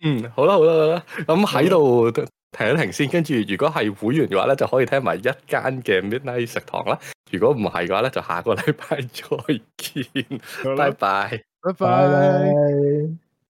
嗯，好啦好啦好啦，咁喺度停一停先。跟住如果係會員嘅話咧，就可以聽埋一間嘅 Midnight 食堂啦。如果唔係嘅話咧，就下個禮拜再見，拜拜，拜拜。